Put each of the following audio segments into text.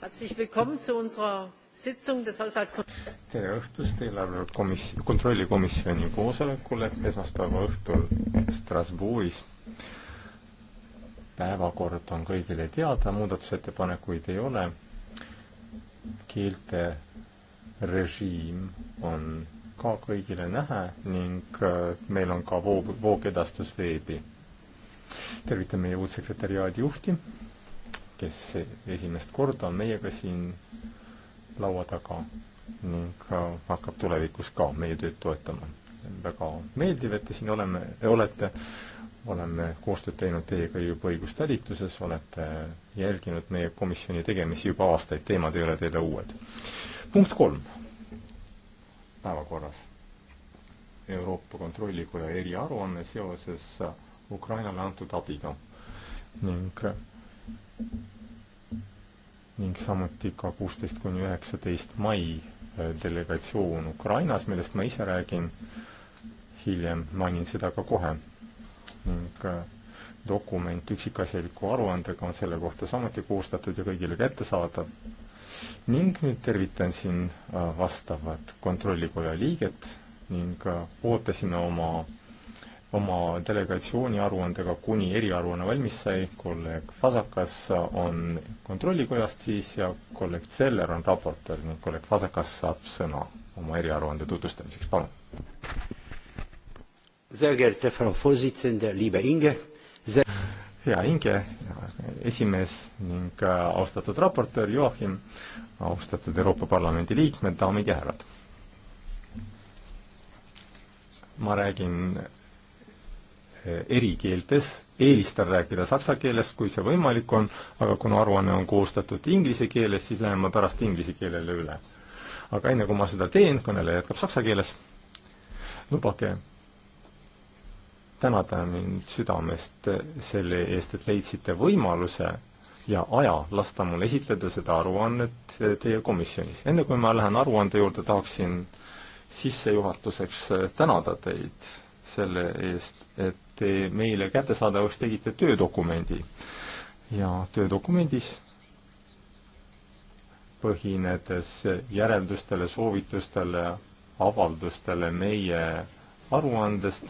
tere õhtust eelarvekomis-, kontrollikomisjoni koosolekule esmaspäeva õhtul Strasbourgis. päevakord on kõigile teada, muudatusettepanekuid ei ole. keelte režiim on ka kõigile näha ning äh, meil on ka voog, voogedastus veebi. tervitame meie uut sekretäriaadi juhti kes esimest korda on meiega siin laua taga ning äh, hakkab tulevikus ka meie tööd toetama. väga meeldiv, et te siin oleme, olete, oleme koostööd teinud teiega juba õigustalituses, olete jälginud meie komisjoni tegemisi juba aastaid, teemad ei ole teile uued. punkt kolm päevakorras. Euroopa Kontrollikoja eriaruanne seoses Ukrainale antud abiga ning ning samuti ka kuusteist kuni üheksateist mai äh, delegatsioon Ukrainas, millest ma ise räägin hiljem, mainin seda ka kohe. ning äh, dokument üksikasjaliku aruandega on selle kohta samuti koostatud ja kõigile kättesaadav. ning nüüd tervitan siin äh, vastavat kontrollikoja liiget ning ootasime oma oma delegatsiooni aruandega, kuni eriaruanne valmis sai, kolleeg Fasakas on Kontrollikojast siis ja kolleeg Zeller on raportöör ning kolleeg Fasakas saab sõna oma eriaruande tutvustamiseks, palun. hea Inge, esimees ning äh, austatud raportöör Joachim, austatud Euroopa Parlamendi liikmed, daamid ja härrad ma räägin eri keeltes, eelistan rääkida saksa keeles, kui see võimalik on, aga kuna aruanne on koostatud inglise keeles, siis lähen ma pärast inglise keelele üle. aga enne, kui ma seda teen, kõneleja jätkab saksa keeles, lubage tänada mind südamest selle eest, et leidsite võimaluse ja aja lasta mul esitleda seda aruannet teie komisjonis. enne kui ma lähen aruande juurde, tahaksin sissejuhatuseks tänada teid selle eest, et te meile kättesaadavaks tegite töödokumendi. ja töödokumendis põhinedes järeldustele, soovitustele, avaldustele meie aruandest,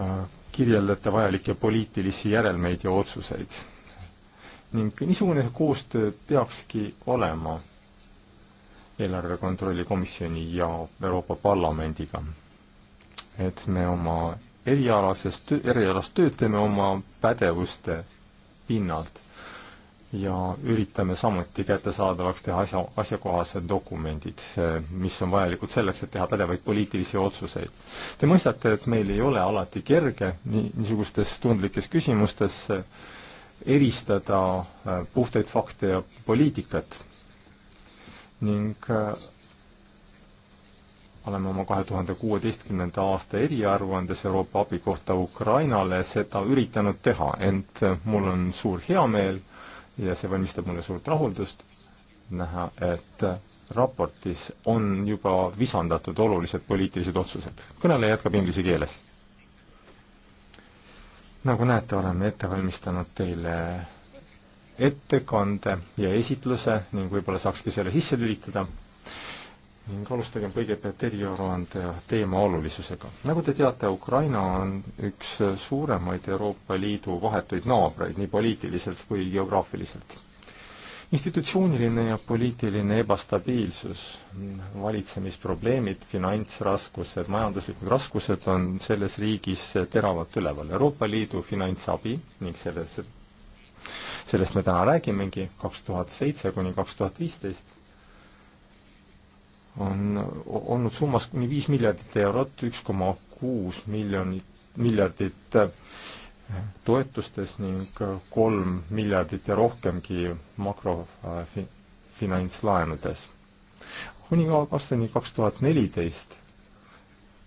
äh, kirjeldate vajalikke poliitilisi järelmeid ja otsuseid. ning niisugune koostöö peakski olema eelarve kontrolli komisjoni ja Euroopa Parlamendiga et me oma erialases töö, erialast tööd teeme oma pädevuste pinnalt ja üritame samuti kättesaadavaks teha asja, asjakohased dokumendid, mis on vajalikud selleks, et teha pädevaid poliitilisi otsuseid. Te mõistate, et meil ei ole alati kerge nii, niisugustes tundlikes küsimustes eristada äh, puhtaid fakte ja poliitikat ning äh, oleme oma kahe tuhande kuueteistkümnenda aasta eriaruandes Euroopa abi kohta Ukrainale seda üritanud teha, ent mul on suur heameel ja see valmistab mulle suurt rahuldust näha, et raportis on juba visandatud olulised poliitilised otsused. kõneleja jätkab inglise keeles. nagu näete, oleme ette valmistanud teile ettekande ja esitluse ning võib-olla saakski selle sisse lülitada ning alustagem kõigepealt eriaruande teema olulisusega. nagu te teate, Ukraina on üks suuremaid Euroopa Liidu vahetuid naabreid nii poliitiliselt kui geograafiliselt. institutsiooniline ja poliitiline ebastabiilsus, valitsemisprobleemid, finantsraskused, majanduslikud raskused on selles riigis teravalt üleval. Euroopa Liidu finantsabi ning selles, sellest me täna räägimegi, kaks tuhat seitse kuni kaks tuhat viisteist on olnud summas kuni viis miljardit eurot, üks koma kuus miljonit, miljardit eh, toetustes ning kolm miljardit ja rohkemgi makrofinantslaenudes. kuni aastani kaks tuhat neliteist,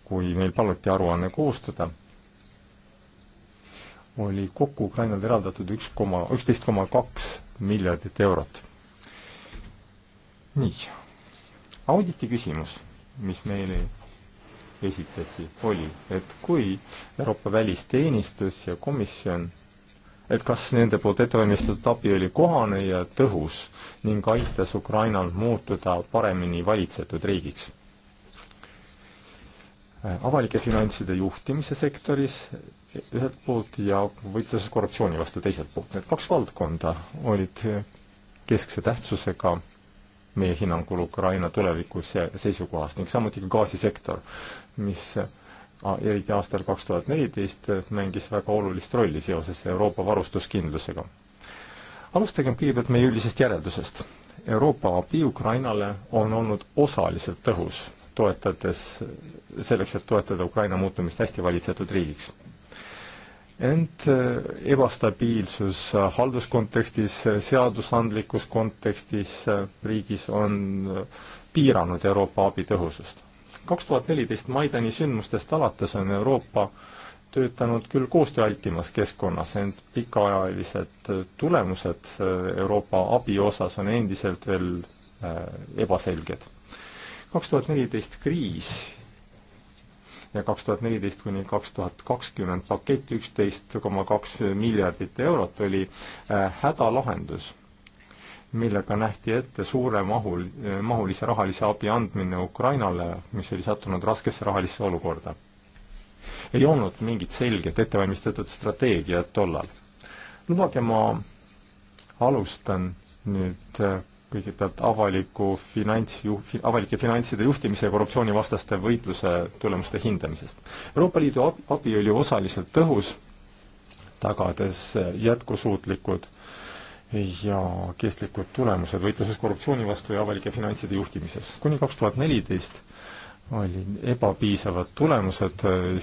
kui meil paluti aruanne koostada, oli kokku Ukrainale eraldatud üks koma, üksteist koma kaks miljardit eurot. nii auditi küsimus, mis meile esitati, oli, et kui Euroopa välisteenistus ja komisjon, et kas nende poolt ettevalmistatud abi oli kohane ja tõhus ning aitas Ukrainal muutuda paremini valitsetud riigiks. avalike finantside juhtimise sektoris ühelt poolt ja võitluses korruptsiooni vastu teiselt poolt, need kaks valdkonda olid keskse tähtsusega meie hinnangul Ukraina tuleviku seisukohast ning samuti ka gaasisektor, mis eriti aastal kaks tuhat neliteist mängis väga olulist rolli seoses Euroopa varustuskindlusega. alustagem kõigepealt meie üldisest järeldusest. Euroopa abi Ukrainale on olnud osaliselt tõhus, toetades, selleks, et toetada Ukraina muutumist hästi valitsetud riigiks ent eh, ebastabiilsus eh, halduskontekstis, eh, seadusandlikus kontekstis riigis on piiranud Euroopa abi tõhusust. kaks tuhat neliteist Maidani sündmustest alates on Euroopa töötanud küll koostööaltimas keskkonnas, ent pikaajalised tulemused Euroopa abi osas on endiselt veel ebaselged. kaks tuhat neliteist kriis ja kaks tuhat neliteist kuni kaks tuhat kakskümmend pakett üksteist koma kaks miljardit eurot oli äh, hädalahendus, millega nähti ette suure mahul, mahulise rahalise abi andmine Ukrainale, mis oli sattunud raskesse rahalisse olukorda. ei olnud mingit selget ettevalmistatud strateegiat tollal. lubage, ma alustan nüüd äh, kõigepealt avaliku finantsju-, avalike finantside juhtimise ja korruptsioonivastaste võitluse tulemuste hindamisest. Euroopa Liidu ab-, abi oli osaliselt tõhus, tagades jätkusuutlikud ja kestlikud tulemused võitluses korruptsiooni vastu ja avalike finantside juhtimises. kuni kaks tuhat neliteist olid ebapiisavad tulemused äh,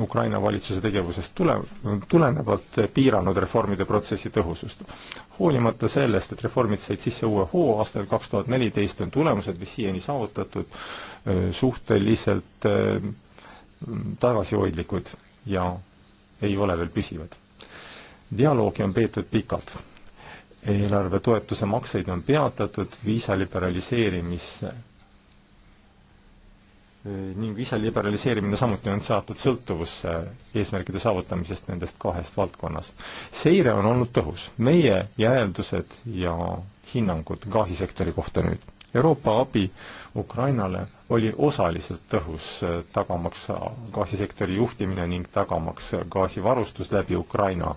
Ukraina valitsuse tegevusest tule, tulenevalt piiranud reformide protsessi tõhusust. hoolimata sellest, et reformid said sisse uue hoo aastal kaks tuhat neliteist, on tulemused, mis siiani saavutatud, äh, suhteliselt äh, tagasihoidlikud ja ei ole veel püsivad. dialoogi on peetud pikalt eelarve toetuse makseid on peatatud, viisa liberaliseerimise Äh, ning visaliberaliseerimine samuti on seatud sõltuvusse eesmärkide saavutamisest nendest kahest valdkonnas. seire on olnud tõhus. meie järeldused ja hinnangud gaasisektori kohta nüüd. Euroopa abi Ukrainale oli osaliselt tõhus, äh, tagamaks äh, gaasisektori juhtimine ning tagamaks gaasivarustus läbi Ukraina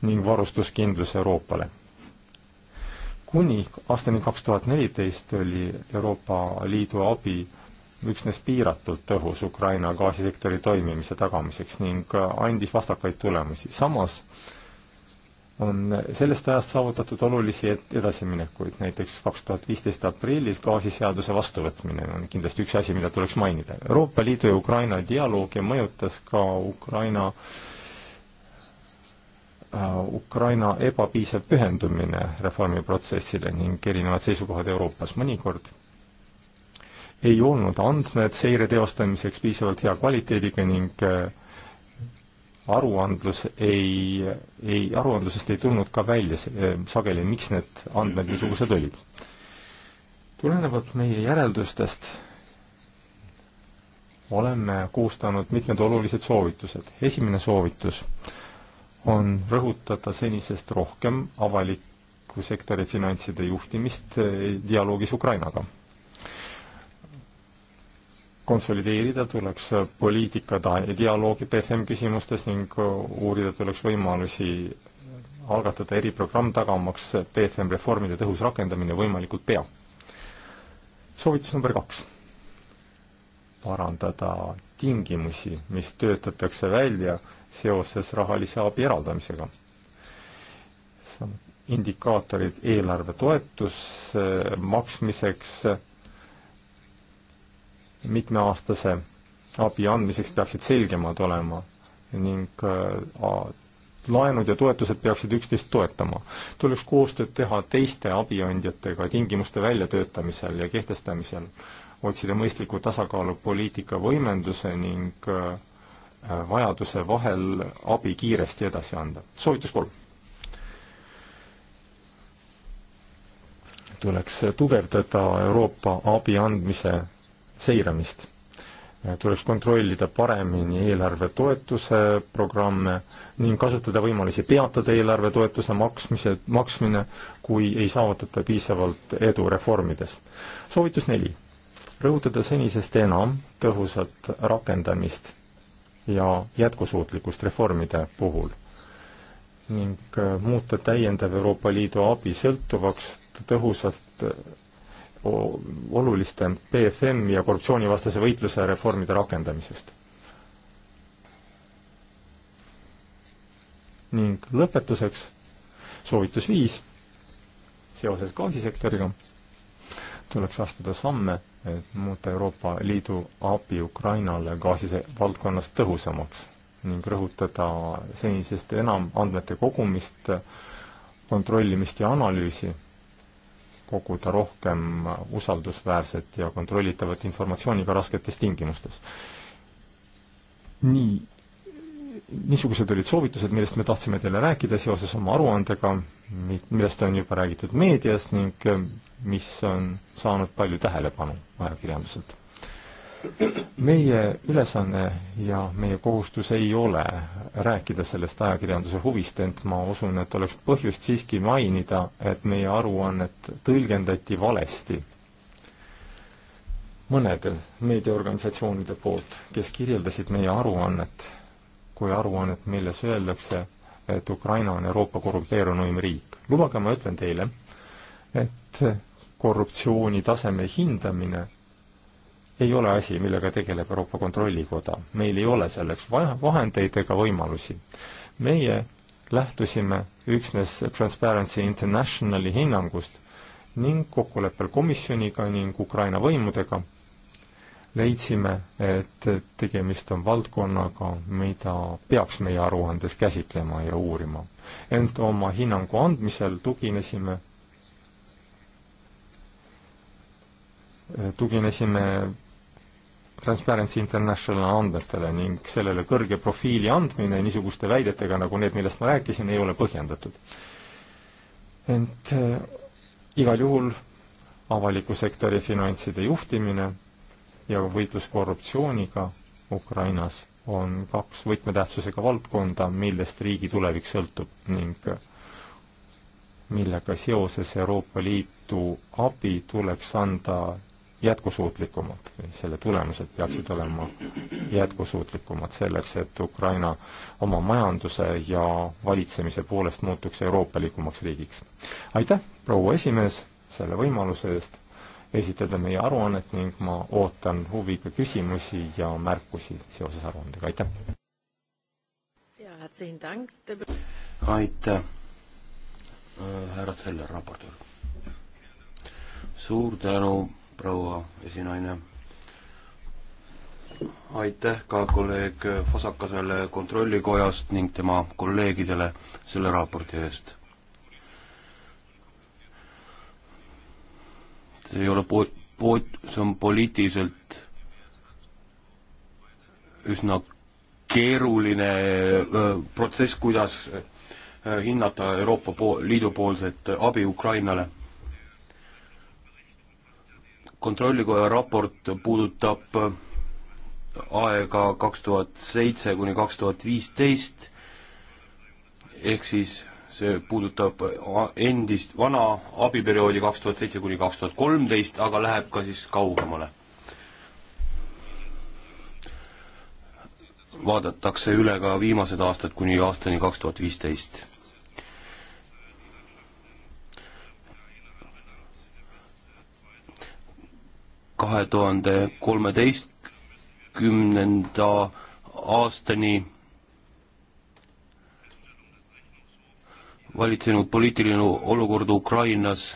ning varustuskindlus Euroopale kuni aastani kaks tuhat neliteist oli Euroopa Liidu abi üksnes piiratult tõhus Ukraina gaasisektori toimimise tagamiseks ning andis vastakaid tulemusi. samas on sellest ajast saavutatud olulisi edasiminekuid, näiteks kaks tuhat viisteist aprillis gaasiseaduse vastuvõtmine on kindlasti üks asi, mida tuleks mainida. Euroopa Liidu ja Ukraina dialoogi mõjutas ka Ukraina äh, Ukraina ebapiisav pühendumine reformiprotsessile ning erinevad seisukohad Euroopas. mõnikord ei olnud andmed seire teostamiseks piisavalt hea kvaliteediga ning äh, aruandlus ei, ei, aruandlusest ei tulnud ka välja äh, sageli, miks need andmed niisugused olid. tulenevalt meie järeldustest oleme koostanud mitmed olulised soovitused. esimene soovitus on rõhutada senisest rohkem avaliku sektori finantside juhtimist äh, dialoogis Ukrainaga konsolideerida tuleks poliitika dialoogi BFM küsimustes ning uurida tuleks võimalusi algatada eriprogramm tagamaks BFM reformide tõhus rakendamine võimalikult pea. soovitus number kaks. parandada tingimusi, mis töötatakse välja seoses rahalise abi eraldamisega. indikaatorid eelarve toetuse eh, maksmiseks mitmeaastase abi andmiseks peaksid selgemad olema ning äh, laenud ja toetused peaksid üksteist toetama. tuleks koostööd teha teiste abiandjatega tingimuste väljatöötamisel ja kehtestamisel, otsida mõistlikku tasakaalu poliitika võimenduse ning äh, äh, vajaduse vahel abi kiiresti edasi anda. soovitus kolm. tuleks tugevdada Euroopa abi andmise seiramist. tuleks kontrollida paremini eelarve toetuse programme ning kasutada võimalusi peatada eelarve toetuse maksmise, maksmine, kui ei saavutata piisavalt edu reformides. soovitus neli, rõhutada senisest enam tõhusat rakendamist ja jätkusuutlikkust reformide puhul ning muuta täiendav Euroopa Liidu abi sõltuvaks tõhusast oluliste BFM ja korruptsioonivastase võitluse reformide rakendamisest. ning lõpetuseks soovitus viis seoses gaasisektoriga tuleks astuda samme, et muuta Euroopa Liidu abi Ukrainale gaasise valdkonnas tõhusamaks ning rõhutada senisest enam andmete kogumist, kontrollimist ja analüüsi koguda rohkem usaldusväärset ja kontrollitavat informatsiooni ka rasketes tingimustes. nii, niisugused olid soovitused, millest me tahtsime teile rääkida seoses oma aruandega, millest on juba räägitud meedias ning mis on saanud palju tähelepanu ajakirjanduselt meie ülesanne ja meie kohustus ei ole rääkida sellest ajakirjanduse huvist, ent ma usun, et oleks põhjust siiski mainida, et meie aruannet tõlgendati valesti mõnede meediaorganisatsioonide poolt, kes kirjeldasid meie aruannet kui aruannet, milles öeldakse, et Ukraina on Euroopa korrumpeerunuim riik. lubage, ma ütlen teile, et korruptsiooni taseme hindamine ei ole asi, millega tegeleb Euroopa Kontrollikoda. meil ei ole selleks vaja vahendeid ega võimalusi. meie lähtusime üksnes Transparency Internationali hinnangust ning kokkuleppel komisjoniga ning Ukraina võimudega leidsime, et tegemist on valdkonnaga, mida peaks meie aruandes käsitlema ja uurima. ent oma hinnangu andmisel tuginesime, tuginesime Transparency International andmetele ning sellele kõrge profiili andmine niisuguste väidetega, nagu need, millest ma rääkisin, ei ole põhjendatud. ent äh, igal juhul avaliku sektori finantside juhtimine ja võitlus korruptsiooniga Ukrainas on kaks võtmetähtsusega valdkonda, millest riigi tulevik sõltub ning millega seoses Euroopa Liidu abi tuleks anda jätkusuutlikumad või selle tulemused peaksid olema jätkusuutlikumad selleks, et Ukraina oma majanduse ja valitsemise poolest muutuks euroopalikumaks riigiks. aitäh, proua esimees, selle võimaluse eest esitada meie aruannet ning ma ootan huviga küsimusi ja märkusi seoses aruandega, aitäh! aitäh, äh, härra Zeller, raportöör! suur tänu proua esinaine. aitäh ka kolleeg Fasakasele Kontrollikojast ning tema kolleegidele selle raporti eest. see ei ole po-, po-, see on poliitiliselt üsna keeruline öö, protsess, kuidas hinnata Euroopa po-, Liidu poolset abi Ukrainale kontrollikoja raport puudutab aega kaks tuhat seitse kuni kaks tuhat viisteist, ehk siis see puudutab endist vana abiperioodi kaks tuhat seitse kuni kaks tuhat kolmteist, aga läheb ka siis kaugemale. vaadatakse üle ka viimased aastad kuni aastani kaks tuhat viisteist kahe tuhande kolmeteistkümnenda aastani valitsenud poliitiline olukord Ukrainas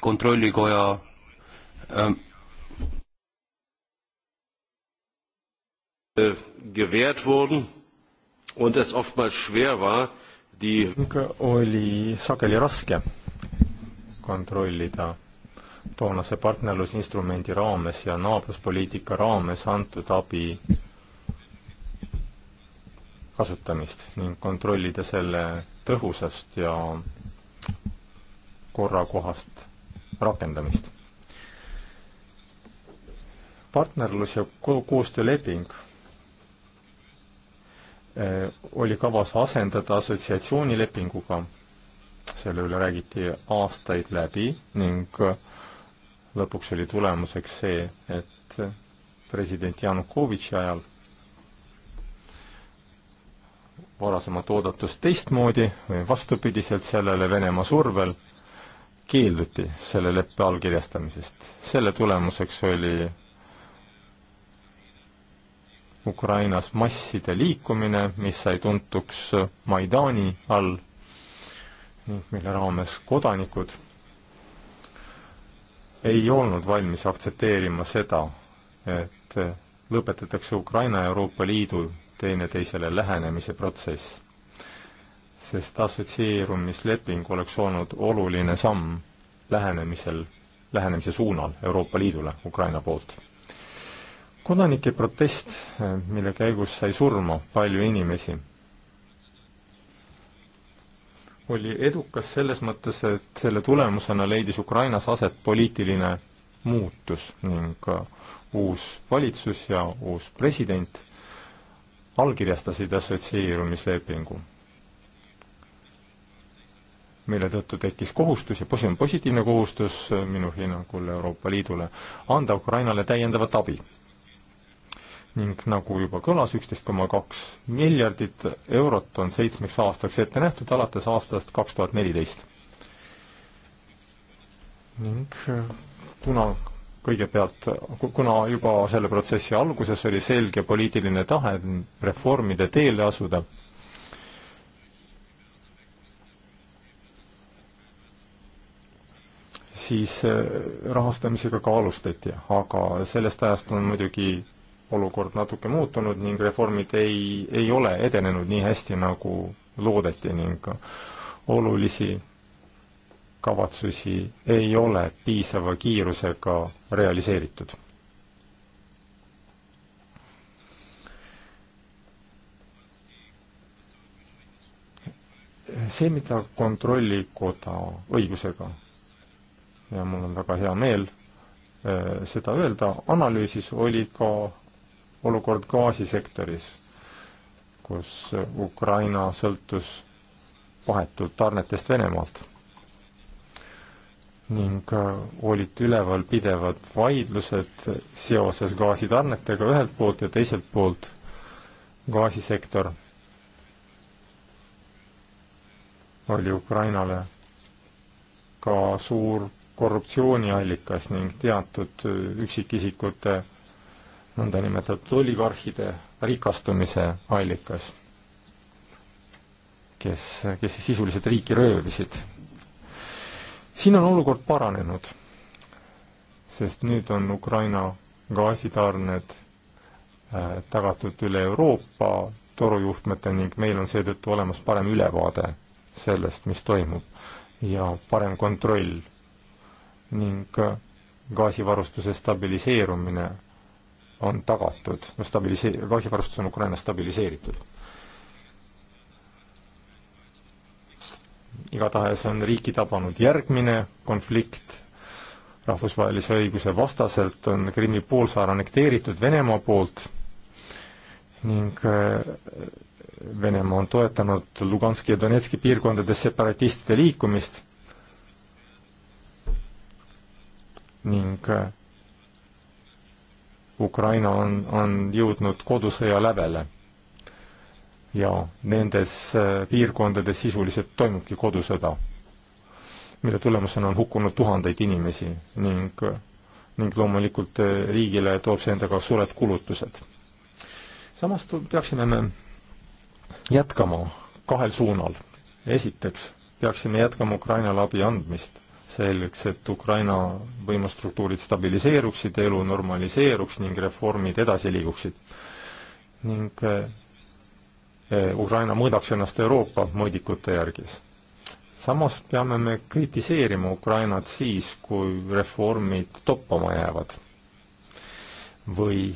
kontrollikoja ähm, gewährt wurden und es oftmals schwer war, ning oli sageli raske kontrollida toonase partnerlusinstrumendi raames ja naabruspoliitika raames antud abi kasutamist ning kontrollida selle tõhusast ja korrakohast rakendamist. partnerlus- ja koostööleping Äh, oli kavas asendada assotsiatsioonilepinguga, selle üle räägiti aastaid läbi ning äh, lõpuks oli tulemuseks see, et president Janukovitši ajal varasemat oodatust teistmoodi või vastupidiselt sellele Venemaa survel keelduti selle leppe allkirjastamisest. selle tulemuseks oli Ukrainas masside liikumine, mis sai tuntuks Maidani all ning mille raames kodanikud ei olnud valmis aktsepteerima seda, et lõpetatakse Ukraina ja Euroopa Liidu teineteisele lähenemise protsess, sest assotsieerumisleping oleks olnud oluline samm lähenemisel, lähenemise suunal Euroopa Liidule Ukraina poolt kodanike protest, mille käigus sai surma palju inimesi, oli edukas selles mõttes, et selle tulemusena leidis Ukrainas aset poliitiline muutus ning uus valitsus ja uus president allkirjastasid assotsieerumislepingu, mille tõttu tekkis kohustus ja see on positiivne kohustus minu hinnangul Euroopa Liidule anda Ukrainale täiendavat abi ning nagu juba kõlas, üksteist koma kaks miljardit eurot on seitsmeks aastaks ette nähtud alates aastast kaks tuhat neliteist. ning äh, kuna kõigepealt, kuna juba selle protsessi alguses oli selge poliitiline tahe reformide teele asuda, siis äh, rahastamisega ka alustati, aga sellest ajast on muidugi olukord natuke muutunud ning reformid ei, ei ole edenenud nii hästi, nagu loodeti ning olulisi kavatsusi ei ole piisava kiirusega realiseeritud. see, mida Kontrollikoda õigusega ja mul on väga hea meel eh, seda öelda, analüüsis oli ka olukord gaasisektoris, kus Ukraina sõltus vahetult tarnetest Venemaalt ning äh, olid üleval pidevad vaidlused seoses gaasitarnetega ühelt poolt ja teiselt poolt gaasisektor oli Ukrainale ka suur korruptsiooniallikas ning teatud äh, üksikisikute nõndanimetatud oligarhide rikastumise allikas, kes, kes siis sisuliselt riiki röövisid. siin on olukord paranenud, sest nüüd on Ukraina gaasitarned äh, tagatud üle Euroopa torujuhtmete ning meil on seetõttu olemas parem ülevaade sellest, mis toimub ja parem kontroll ning äh, gaasivarustuse stabiliseerumine on tagatud, no stabilisee-, gaasivarustus on Ukrainas stabiliseeritud. igatahes on riiki tabanud järgmine konflikt, rahvusvahelise õiguse vastaselt on Krimmi poolsaar annekteeritud Venemaa poolt ning äh, Venemaa on toetanud Luganski ja Donetski piirkondades separatistide liikumist ning äh, Ukraina on, on jõudnud kodusõja lävele. ja nendes äh, piirkondades sisuliselt toimubki kodusõda, mille tulemusena on hukkunud tuhandeid inimesi ning, ning loomulikult äh, riigile toob see endaga suured kulutused. samas peaksime me jätkama kahel suunal. esiteks peaksime jätkama Ukrainale abi andmist selgeks, et Ukraina võimustruktuurid stabiliseeruksid, elu normaliseeruks ning reformid edasi liiguksid. ning eh, eh, Ukraina mõõdaks ennast Euroopa mõõdikute järgis. samas peame me kritiseerima Ukrainat siis, kui reformid toppama jäävad või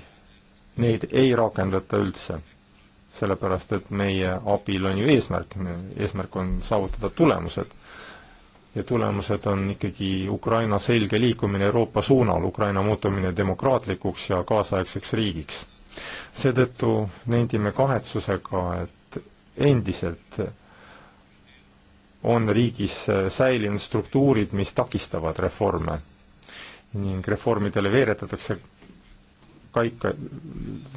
neid ei rakendata üldse. sellepärast, et meie abil on ju eesmärk, eesmärk on saavutada tulemused ja tulemused on ikkagi Ukraina selge liikumine Euroopa suunal, Ukraina muutumine demokraatlikuks ja kaasaegseks riigiks. seetõttu nendime kahetsusega, et endiselt on riigis säilinud struktuurid, mis takistavad reforme ning reformidele veeretatakse kaika,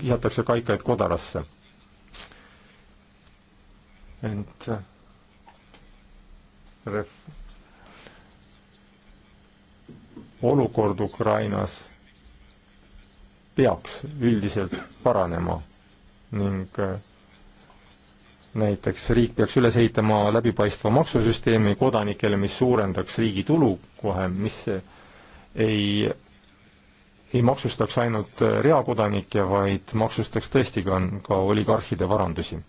visatakse kaikaid kodarasse. ent ref-, olukord Ukrainas peaks üldiselt paranema ning äh, näiteks riik peaks üles ehitama läbipaistva maksusüsteemi kodanikele, mis suurendaks riigi tulu kohe, mis ei, ei maksustaks ainult äh, reakodanikke, vaid maksustaks tõesti ka, ka oligarhide varandusi.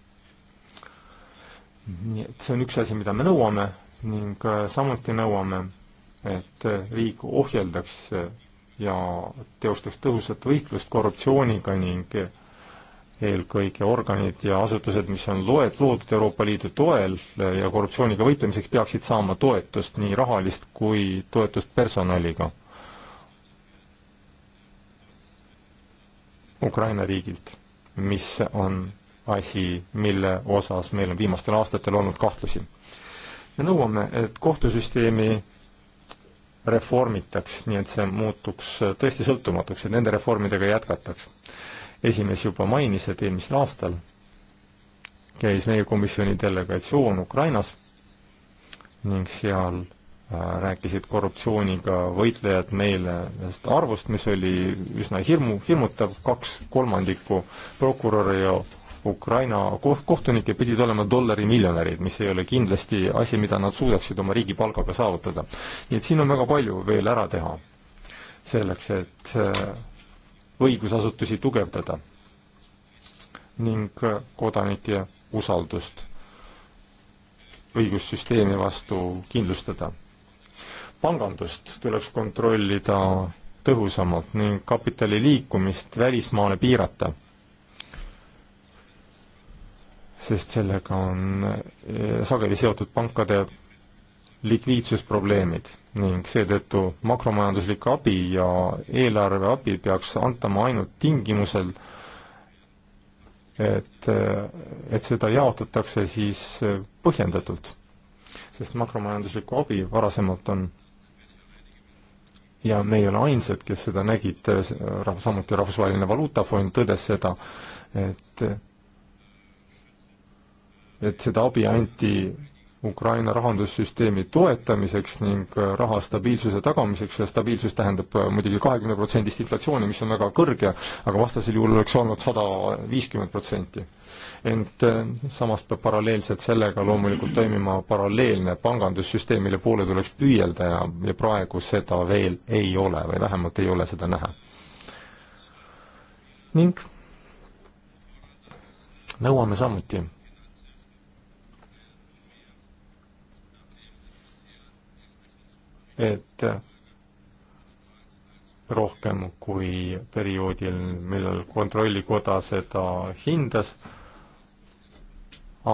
nii et see on üks asi, mida me nõuame ning äh, samuti nõuame et äh, riik ohjeldaks äh, ja teostaks tõhusat võitlust korruptsiooniga ning äh, eelkõige organid ja asutused, mis on loed, loodud Euroopa Liidu toel ja korruptsiooniga võitlemiseks, peaksid saama toetust, nii rahalist kui toetust personaliga Ukraina riigilt, mis on asi, mille osas meil on viimastel aastatel olnud kahtlusi. me nõuame, et kohtusüsteemi reformitaks, nii et see muutuks tõesti sõltumatuks, et nende reformidega jätkataks. esimees juba mainis, et eelmisel aastal käis meie komisjoni delegatsioon Ukrainas ning seal Äh, rääkisid korruptsiooniga võitlejad meile sellest arvust, mis oli üsna hirmu, hirmutav, kaks kolmandikku prokuröre ja Ukraina kohtunikke pidid olema dollarimiljonärid, mis ei ole kindlasti asi, mida nad suudaksid oma riigi palgaga saavutada. nii et siin on väga palju veel ära teha selleks, et äh, õigusasutusi tugevdada ning äh, kodanike usaldust õigussüsteemi vastu kindlustada pangandust tuleks kontrollida tõhusamalt ning kapitali liikumist välismaale piirata. sest sellega on eh, sageli seotud pankade likviidsusprobleemid ning seetõttu makromajanduslik abi ja eelarve abi peaks antama ainult tingimusel, et, eh, et seda jaotatakse siis eh, põhjendatult. sest makromajanduslikku abi varasemalt on ja me ei ole ainsad, kes seda nägid, äh, samuti Rahvusvaheline Valuutafond tõdes seda, et et seda abi anti Ukraina rahandussüsteemi toetamiseks ning äh, raha stabiilsuse tagamiseks ja stabiilsus tähendab äh, muidugi kahekümne protsendist inflatsiooni, mis on väga kõrge, aga vastasel juhul oleks olnud sada viiskümmend protsenti. ent äh, samas peab paralleelselt sellega loomulikult toimima paralleelne pangandussüsteem, mille poole tuleks püüelda ja, ja praegu seda veel ei ole või vähemalt ei ole seda näha. ning nõuame samuti et rohkem kui perioodil, millal Kontrollikoda seda hindas,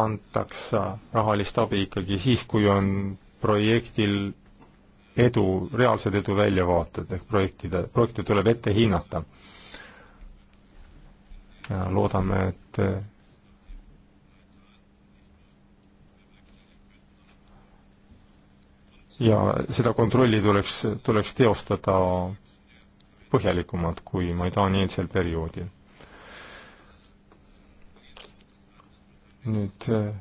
antakse rahalist abi ikkagi siis, kui on projektil edu, reaalsed edu väljavaated ehk projektide, projekte tuleb ette hinnata. ja loodame, et ja seda kontrolli tuleks, tuleks teostada põhjalikumalt kui Maidani eelsel perioodil. nüüd äh,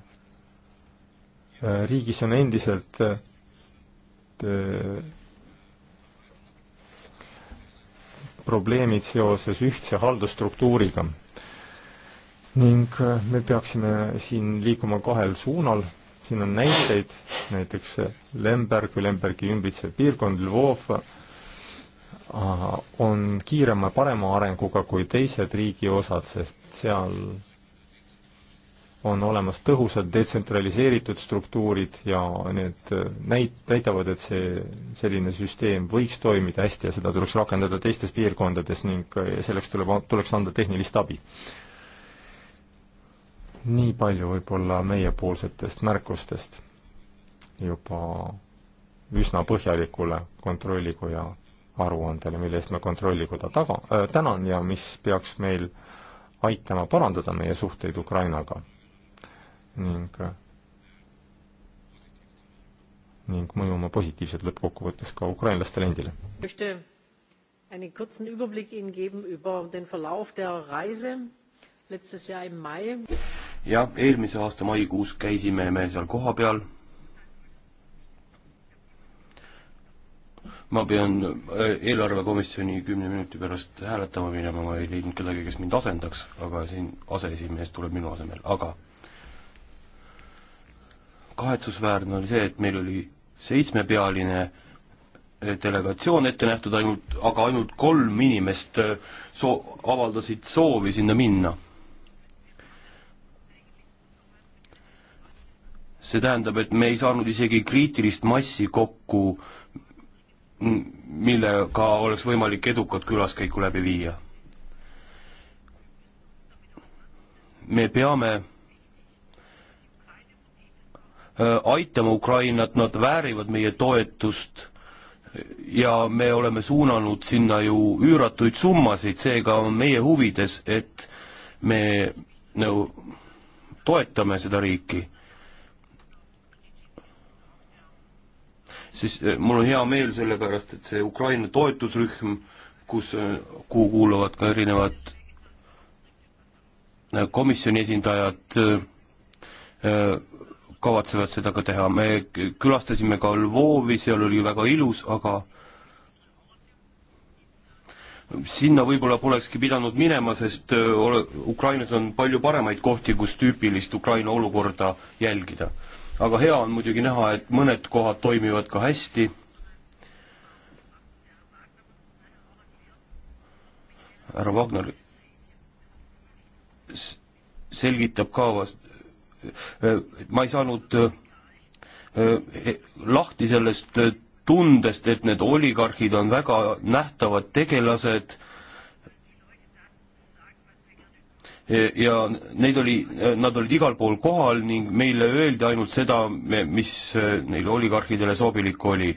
riigis on endiselt äh, probleemid seoses ühtse haldusstruktuuriga ning äh, me peaksime siin liikuma kahel suunal siin on näiteid, näiteks Lemberg või Lembergi ümbritsev piirkond, Lvov, on kiirema, parema arenguga kui teised riigi osad, sest seal on olemas tõhusad detsentraliseeritud struktuurid ja need näit-, näitavad, et see, selline süsteem võiks toimida hästi ja seda tuleks rakendada teistes piirkondades ning selleks tuleb, tuleks anda tehnilist abi nii palju võib-olla meiepoolsetest märkustest juba üsna põhjalikule kontrollikoja aruandele, mille eest me kontrollikoda taga äh,, tänan ja mis peaks meil aitama parandada meie suhteid Ukrainaga ning, ning mõjuma positiivselt lõppkokkuvõttes ka ukrainlastele endile. einen kurzen Überblick Ihnen geben über den Verlauf der Reise jah, eelmise aasta maikuus käisime me seal kohapeal. ma pean äh, eelarvekomisjoni kümne minuti pärast hääletama minema, ma ei leidnud kedagi, kes mind asendaks, aga siin aseesimees tuleb minu asemel, aga kahetsusväärne oli see, et meil oli seitsmepealine äh, delegatsioon ette nähtud ainult, aga ainult kolm inimest äh, soo-, avaldasid soovi sinna minna. see tähendab, et me ei saanud isegi kriitilist massi kokku, millega oleks võimalik edukat külaskäiku läbi viia. me peame äh, aitama Ukrainat, nad väärivad meie toetust ja me oleme suunanud sinna ju üüratuid summasid, seega on meie huvides, et me no, toetame seda riiki siis eh, mul on hea meel selle pärast, et see Ukraina toetusrühm, kus, eh, kuhu kuuluvad ka erinevad eh, komisjoni esindajad, kavatsevad seda ka teha, me külastasime ka Lvovi, seal oli väga ilus, aga sinna võib-olla polekski pidanud minema, sest ole, Ukrainas on palju paremaid kohti, kus tüüpilist Ukraina olukorda jälgida aga hea on muidugi näha, et mõned kohad toimivad ka hästi. härra Wagner selgitab ka vast, äh, ma ei saanud äh, äh, eh, lahti sellest tundest, et need oligarhid on väga nähtavad tegelased ja neid oli, nad olid igal pool kohal ning meile öeldi ainult seda, mis äh, neile oligarhidele sobilik oli.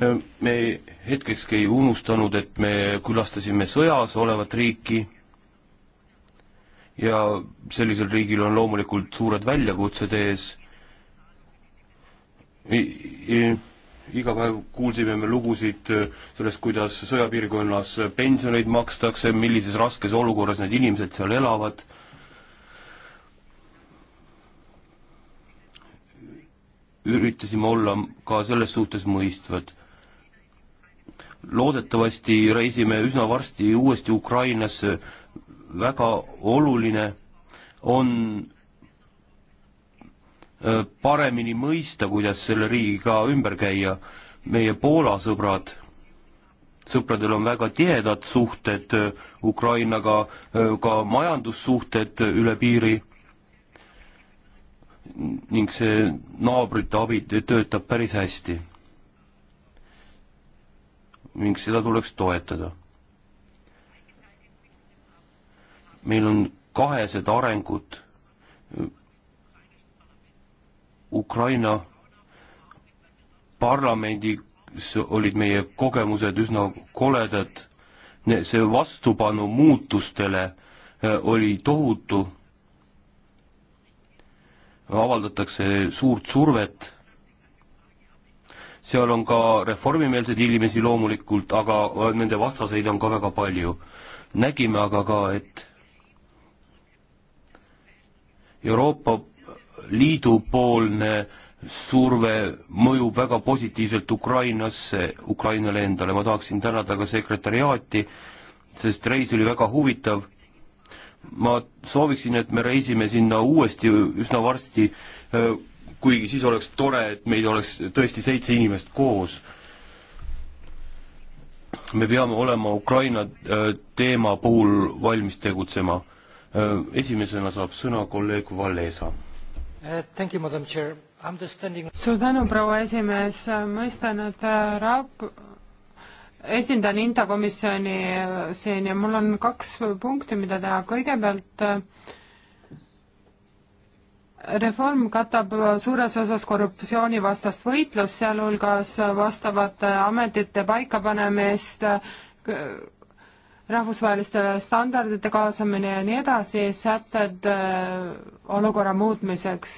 Äh, me hetkekski ei unustanud, et me külastasime sõjas olevat riiki ja sellisel riigil on loomulikult suured väljakutsed ees I. I iga päev kuulsime me lugusid äh, sellest, kuidas sõjapiirkonnas pensioneid makstakse, millises raskes olukorras need inimesed seal elavad. üritasime olla ka selles suhtes mõistvad. loodetavasti reisime üsna varsti uuesti Ukrainasse, väga oluline on paremini mõista, kuidas selle riigiga ümber käia. meie Poola sõbrad, sõpradel on väga tihedad suhted Ukrainaga, ka majandussuhted üle piiri ning see naabrite abi töötab päris hästi. ning seda tuleks toetada. meil on kahesed arengud Ukraina parlamendis olid meie kogemused üsna koledad, see vastupanu muutustele äh, oli tohutu, avaldatakse suurt survet, seal on ka reformimeelseid inimesi loomulikult, aga äh, nende vastaseid on ka väga palju. nägime aga ka, et Euroopa liidupoolne surve mõjub väga positiivselt Ukrainasse, Ukrainale endale, ma tahaksin tänada ka sekretäriaati, sest reis oli väga huvitav. ma sooviksin, et me reisime sinna uuesti üsna varsti, äh, kuigi siis oleks tore, et meid oleks tõesti seitse inimest koos. me peame olema Ukraina äh, teema puhul valmis tegutsema. Äh, esimesena saab sõna kolleeg Valesa Understanding... Uh, suur tänu, proua esimees, mõistan, et äh, rap-, esindan Inta komisjoni äh, siin ja mul on kaks punkti, mida teha, kõigepealt äh, reform katab suures osas korruptsioonivastast võitlust, sealhulgas vastavate ametite paikapanemist rahvusvahelistele standardite kaasamine ja nii edasi, sätted äh, olukorra muutmiseks.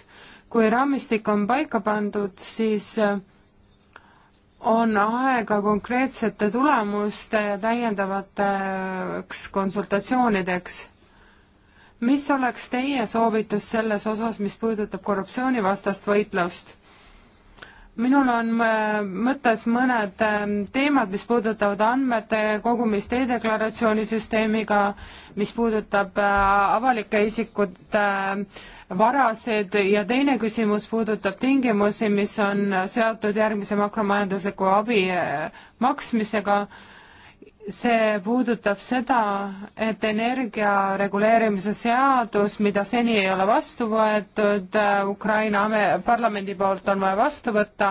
kui raamistik on paika pandud, siis äh, on aega konkreetsete tulemuste ja täiendavateks konsultatsioonideks. mis oleks teie soovitus selles osas, mis puudutab korruptsioonivastast võitlust? minul on äh, mõttes mõned ähm, teemad, mis puudutavad andmete kogumist e-deklaratsiooni süsteemiga, mis puudutab äh, avalike isikute äh, varasid ja teine küsimus puudutab tingimusi, mis on seotud järgmise makromajandusliku abi maksmisega see puudutab seda, et energia reguleerimise seadus, mida seni ei ole vastu võetud, äh, Ukraina parlamendi poolt on vaja vastu võtta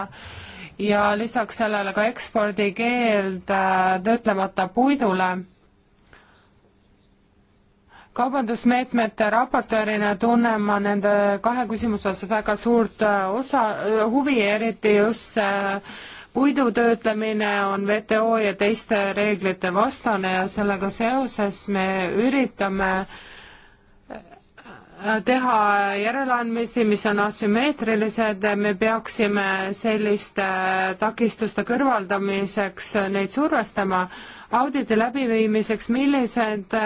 ja lisaks sellele ka ekspordikeeld äh, töötlemata puidule. kaubandusmeetmete raportöörina tunnen ma nende kahe küsimuse osas väga suurt äh, osa, huvi, eriti just see puidu töötlemine on WTO ja teiste reeglite vastane ja sellega seoses me üritame äh, teha järeleandmisi, mis on asümmeetrilised, me peaksime selliste äh, takistuste kõrvaldamiseks äh, neid survestama. auditi läbiviimiseks, millised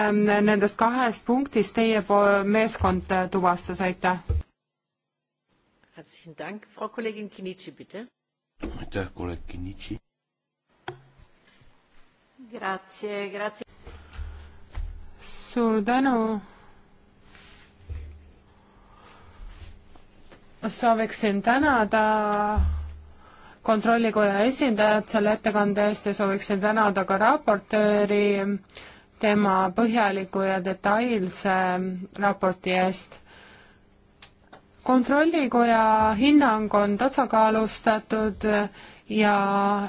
nendest kahest punktist teie meeskond tuvastas, aitäh? aitäh, kolleeg Kinnitši. suur tänu. sooviksin tänada kontrollikoja esindajat selle ettekande eest ja sooviksin tänada ka raportööri tema põhjaliku ja detailse raporti eest kontrollikoja hinnang on tasakaalustatud ja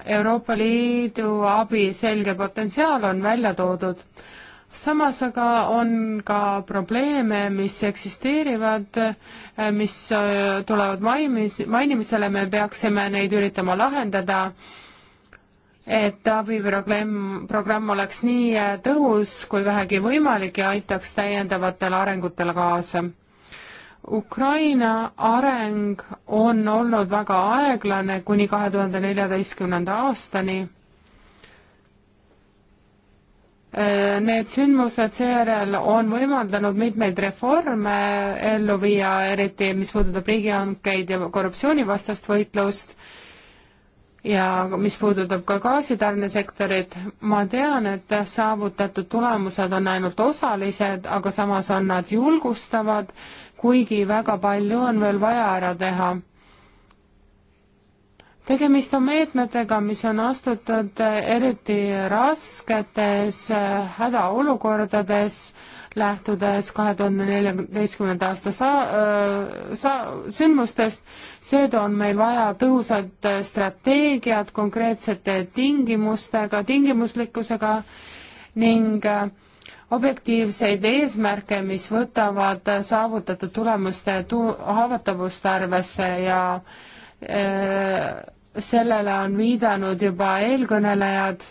Euroopa Liidu abi selge potentsiaal on välja toodud. samas aga on ka probleeme, mis eksisteerivad, mis äh, tulevad maimis, mainimisele, me peaksime neid üritama lahendada, et abiprogramm, programm oleks nii tõhus kui vähegi võimalik ja aitaks täiendavatele arengutele kaasa Ukraina areng on olnud väga aeglane kuni kahe tuhande neljateistkümnenda aastani. Äh, need sündmused seejärel on võimaldanud mitmeid reforme ellu viia, eriti mis puudutab riigihankeid ja korruptsioonivastast võitlust ja mis puudutab ka gaasitarnesektorit, ma tean, et saavutatud tulemused on ainult osalised, aga samas on nad julgustavad kuigi väga palju on veel vaja ära teha. tegemist on meetmetega, mis on astutud eriti rasketes hädaolukordades, lähtudes kahe tuhande neljateistkümnenda aasta sa-, sa-, sündmustest, seega on meil vaja tõhusat strateegiat konkreetsete tingimustega, tingimuslikkusega ning äh, objektiivseid eesmärke, mis võtavad saavutatud tulemuste tu-, haavatavust arvesse ja äh, sellele on viidanud juba eelkõnelejad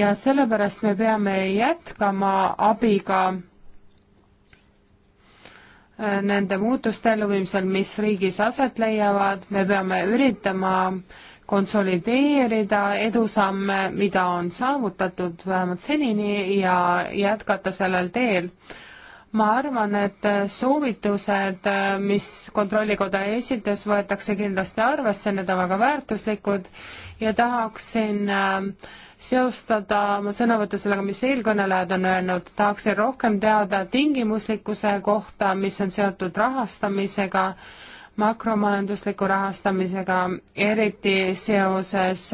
ja sellepärast me peame jätkama abiga äh, nende muutuste elluviimisel, mis riigis aset leiavad, me peame üritama äh, konsolideerida edusamme, mida on saavutatud vähemalt senini ja jätkata sellel teel. ma arvan, et soovitused, mis Kontrollikoda esitas, võetakse kindlasti arvesse, need on väga väärtuslikud ja tahaksin äh, seostada oma sõnavõttu sellega, mis eelkõnelejad on öelnud, tahaksin rohkem teada tingimuslikkuse kohta, mis on seotud rahastamisega makromajandusliku rahastamisega, eriti seoses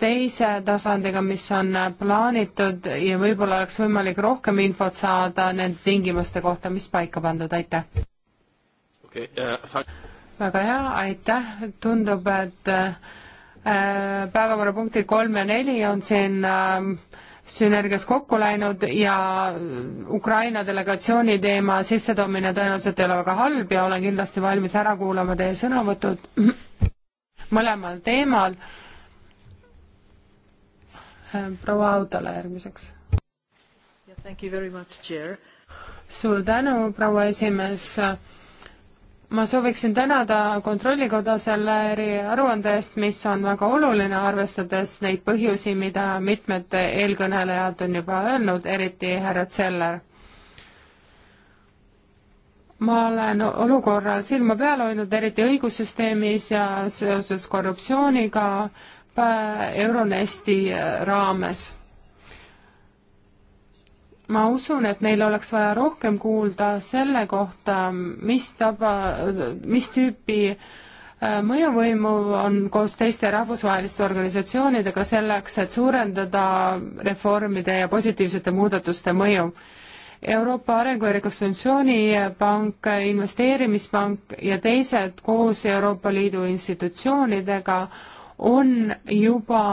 teise tasandiga, mis on plaanitud ja võib-olla oleks võimalik rohkem infot saada nende tingimuste kohta, mis paika pandud, aitäh okay,! Uh, väga hea, aitäh, tundub, et äh, päevakorrapunktid kolm ja neli on siin äh, sünergias kokku läinud ja Ukraina delegatsiooni teema sissetoomine tõenäoliselt ei ole väga halb ja olen kindlasti valmis ära kuulama teie sõnavõtud mõlemal teemal. proua Autole järgmiseks yeah,. suur tänu, proua esimees ma sooviksin tänada Kontrollikoda selle eriaruande eest, mis on väga oluline, arvestades neid põhjusi, mida mitmed eelkõnelejad on juba öelnud, eriti härra Zeller. ma olen olukorral silma peal hoidnud, eriti õigussüsteemis ja seoses korruptsiooniga äh, Euronesti raames ma usun, et meil oleks vaja rohkem kuulda selle kohta, mis taba, mis tüüpi äh, mõjuvõimu on koos teiste rahvusvaheliste organisatsioonidega selleks, et suurendada reformide ja positiivsete muudatuste mõju. Euroopa Arengu ja Rekonstruktsiooni Pank, Investeerimispank ja teised koos Euroopa Liidu institutsioonidega on juba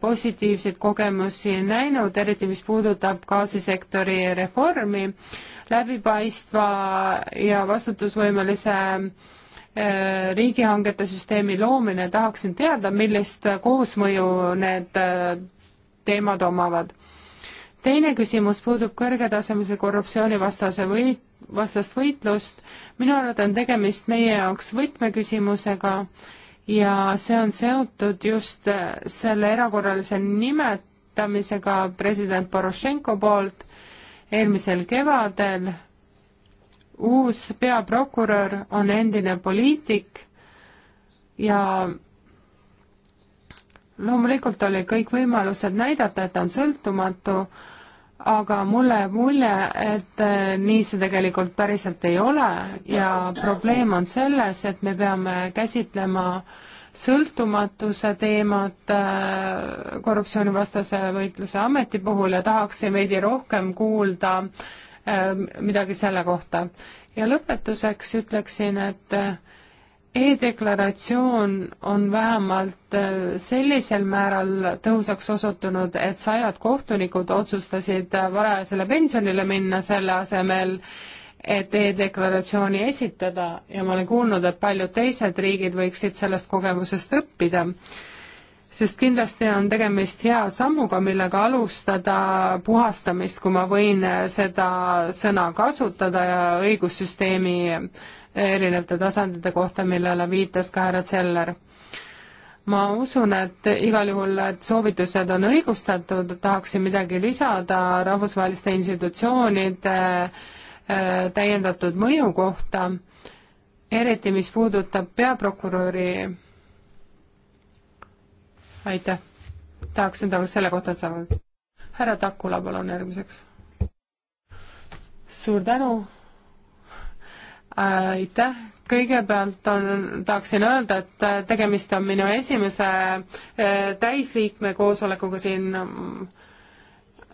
positiivseid kogemusi näinud, eriti mis puudutab gaasisektori reformi, läbipaistva ja vastutusvõimelise äh, riigihangete süsteemi loomine, tahaksin teada, millist koosmõju need äh, teemad omavad. teine küsimus puudub kõrgetasemelse korruptsioonivastase või, vastast võitlust. minu arvates on tegemist meie jaoks võtmeküsimusega ja see on seotud just äh, selle erakorralise nimetamisega president Porošenko poolt eelmisel kevadel. uus peaprokurör on endine poliitik ja loomulikult oli kõik võimalused näidata, et ta on sõltumatu, aga mulle jääb mulje, et äh, nii see tegelikult päriselt ei ole ja probleem on selles, et me peame käsitlema sõltumatuse teemat äh, korruptsioonivastase võitluse ameti puhul ja tahaksin veidi rohkem kuulda äh, midagi selle kohta. ja lõpetuseks ütleksin, et E-deklaratsioon on vähemalt äh, sellisel määral tõhusaks osutunud, et sajad kohtunikud otsustasid äh, varajasele pensionile minna selle asemel, et e-deklaratsiooni esitada ja ma olen kuulnud, et paljud teised riigid võiksid sellest kogemusest õppida sest kindlasti on tegemist hea sammuga, millega alustada puhastamist, kui ma võin seda sõna kasutada ja õigussüsteemi erinevate tasandite kohta, millele viitas ka härra Zeller. ma usun, et igal juhul, et soovitused on õigustatud, tahaksin midagi lisada rahvusvaheliste institutsioonide äh, täiendatud mõju kohta, eriti mis puudutab peaprokuröri aitäh. tahaksin tagasi selle kohta, et saavad. härra Takula, palun järgmiseks. suur tänu, aitäh, kõigepealt on, tahaksin öelda, et äh, tegemist on minu esimese äh, täisliikme koosolekuga siin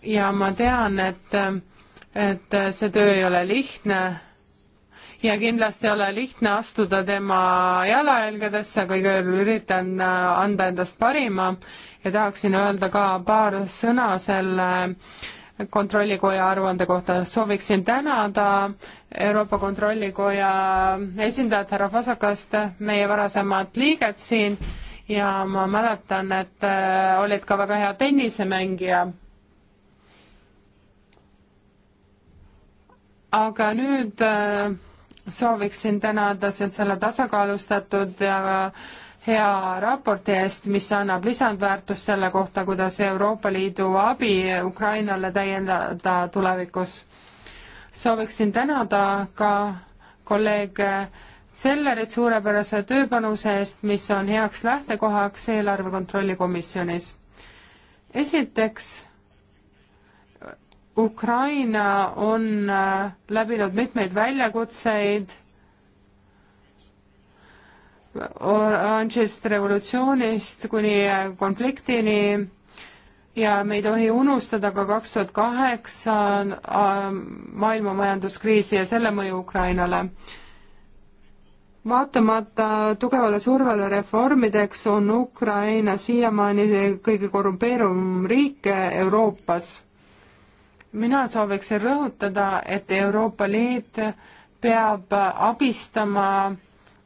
ja ma tean, et, äh, et see töö ei ole lihtne ja kindlasti ei ole lihtne astuda tema jalajälgedesse, kuigi üritan anda endast parima ja tahaksin öelda ka paar sõna selle äh, kontrollikoja aruande kohta. sooviksin tänada Euroopa Kontrollikoja esindajat härra Fasakast, meie varasemat liiget siin ja ma mäletan, et äh, olid ka väga hea tennisemängija. aga nüüd äh, sooviksin tänada sind selle tasakaalustatud ja hea raporti eest, mis annab lisandväärtust selle kohta, kuidas Euroopa Liidu abi Ukrainale täiendada tulevikus. sooviksin tänada ka kolleeg Sellerit suurepärase tööpanuse eest, mis on heaks lähtekohaks eelarve kontrolli komisjonis. esiteks, Ukraina on läbinud mitmeid väljakutseid oranžist revolutsioonist kuni konfliktini ja me ei tohi unustada ka kaks tuhat kaheksa äh, maailma majanduskriisi ja selle mõju Ukrainale. vaatamata tugevale survele reformideks on Ukraina siiamaani kõige korrumpeerum riik Euroopas. mina sooviksin rõhutada, et Euroopa Liit peab abistama